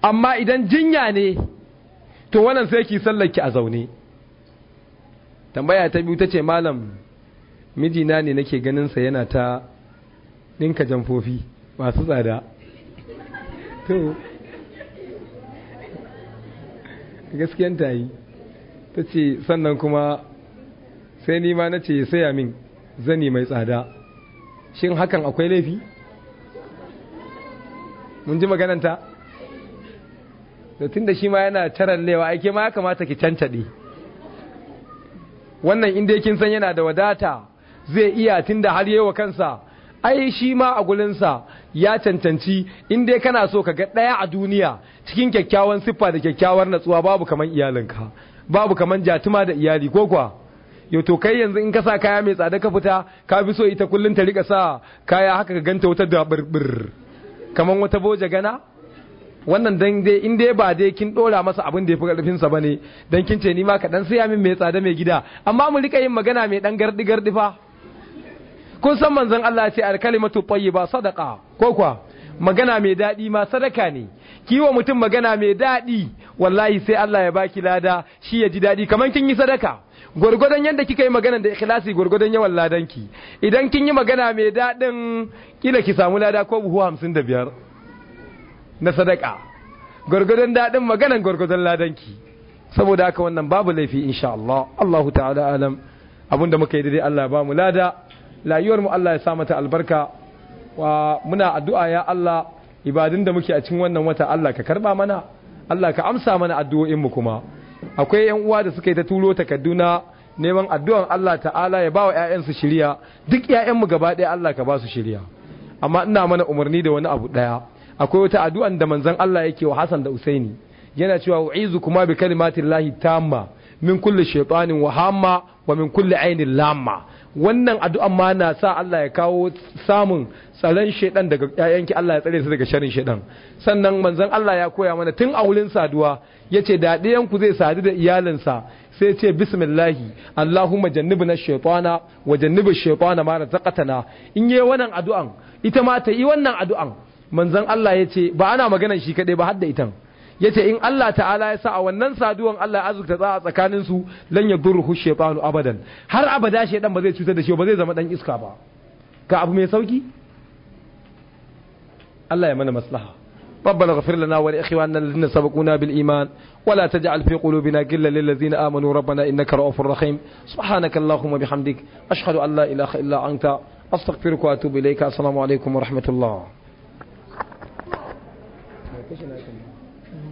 amma idan jinya ne to wannan sai ki sallaki a zaune tambaya ta biyu ta ce malam mijina ne nake sa yana ta ninka jamfofi masu tsada to gaskiyan ta yi ta ce sannan kuma sai ni ma na ce saya min zani mai tsada shin hakan akwai laifi mun ji magananta da tun da shi ma yana lewa aike ma ya kamata ki cancaɗe wannan inda kin san yana da wadata zai iya tun da har yewa kansa ai shi ma a gulinsa ya cancanci in kana so ka ga ɗaya a duniya cikin kyakkyawan siffa da kyakkyawar natsuwa babu kaman iyalinka babu kamar jatuma da iyali ko kuwa yau to kai yanzu in ka sa kaya mai tsada ka fita ka fi so ita kullum ta rika sa kaya haka ka ganta wata dabirbir kamar wata boja gana wannan dan dai in dai ba dai kin dora masa abin da yafi karfin sa bane dan kin ce ni ma ka dan saya min mai tsada mai gida amma mu rika yin magana mai dan gardi gardi fa kun san manzon Allah ya ce al kalimatu tayyiba sadaqa ko kwa magana mai daɗi ma sadaka ne kiwo mutum magana mai daɗi wallahi sai Allah ya baki lada shi ya ji daɗi kamar kin yi sadaka gwargwadon yadda kika yi magana da ikhlasi gwargwadon yawan ladanki idan kin yi magana mai daɗin kila ki samu lada ko buhu hamsin da biyar na sadaka gwargwadon daɗin maganan gwargwadon ladanki saboda haka wannan babu laifi insha Allah Allahu ta'ala alam abinda muka yi dai Allah ba mu lada layuwar mu Allah ya sa mata albarka wa muna addu'a ya Allah ibadun da muke a cikin wannan wata Allah ka karba mana Allah ka amsa mana addu'o'in mu kuma akwai yan uwa da suka yi ta turo takadduna neman addu'an Allah ta'ala ya bawa 'ya'yansu shiriya duk ƴaƴan mu gaba ɗaya Allah ka ba su shiriya amma ina mana umarni da wani abu ɗaya akwai wata addu'an da manzon Allah yake wa Hassan da Usaini yana cewa u'izu kuma bi kalimatillahi tamma min kulli shaytanin wa hamma wa min kulli ainin lamma wannan addu'an ma na sa Allah ya kawo samun tsaron shaidan daga ƴaƴanki Allah ya tsare su daga sharrin shaidan sannan manzon Allah ya koya mana tun a wurin saduwa yace da ɗayan ku zai sadu da iyalinsa sai ce bismillahi Allahumma jannibna shaytana wa jannibish shaytana ma razaqtana in yayi wannan addu'an ita ma ta yi wannan addu'an manzon Allah ya ce ba ana maganar shi kaɗai ba har da itan ya ce in Allah ta'ala ya sa a wannan saduwan Allah ya azurta za a su lan ya durhu shaytanu abadan har abada ɗan ba zai cutar da shi ba zai zama ɗan iska ba ka abu mai sauki Allah ya mana maslaha ربنا اغفر لنا ولإخواننا الذين سبقونا بالإيمان ولا تجعل في قلوبنا غلا للذين آمنوا ربنا إنك رؤوف رحيم سبحانك اللهم وبحمدك أشهد أن لا إله إلا أنت أستغفرك وأتوب إليك السلام عليكم ورحمة الله 谢谢老师。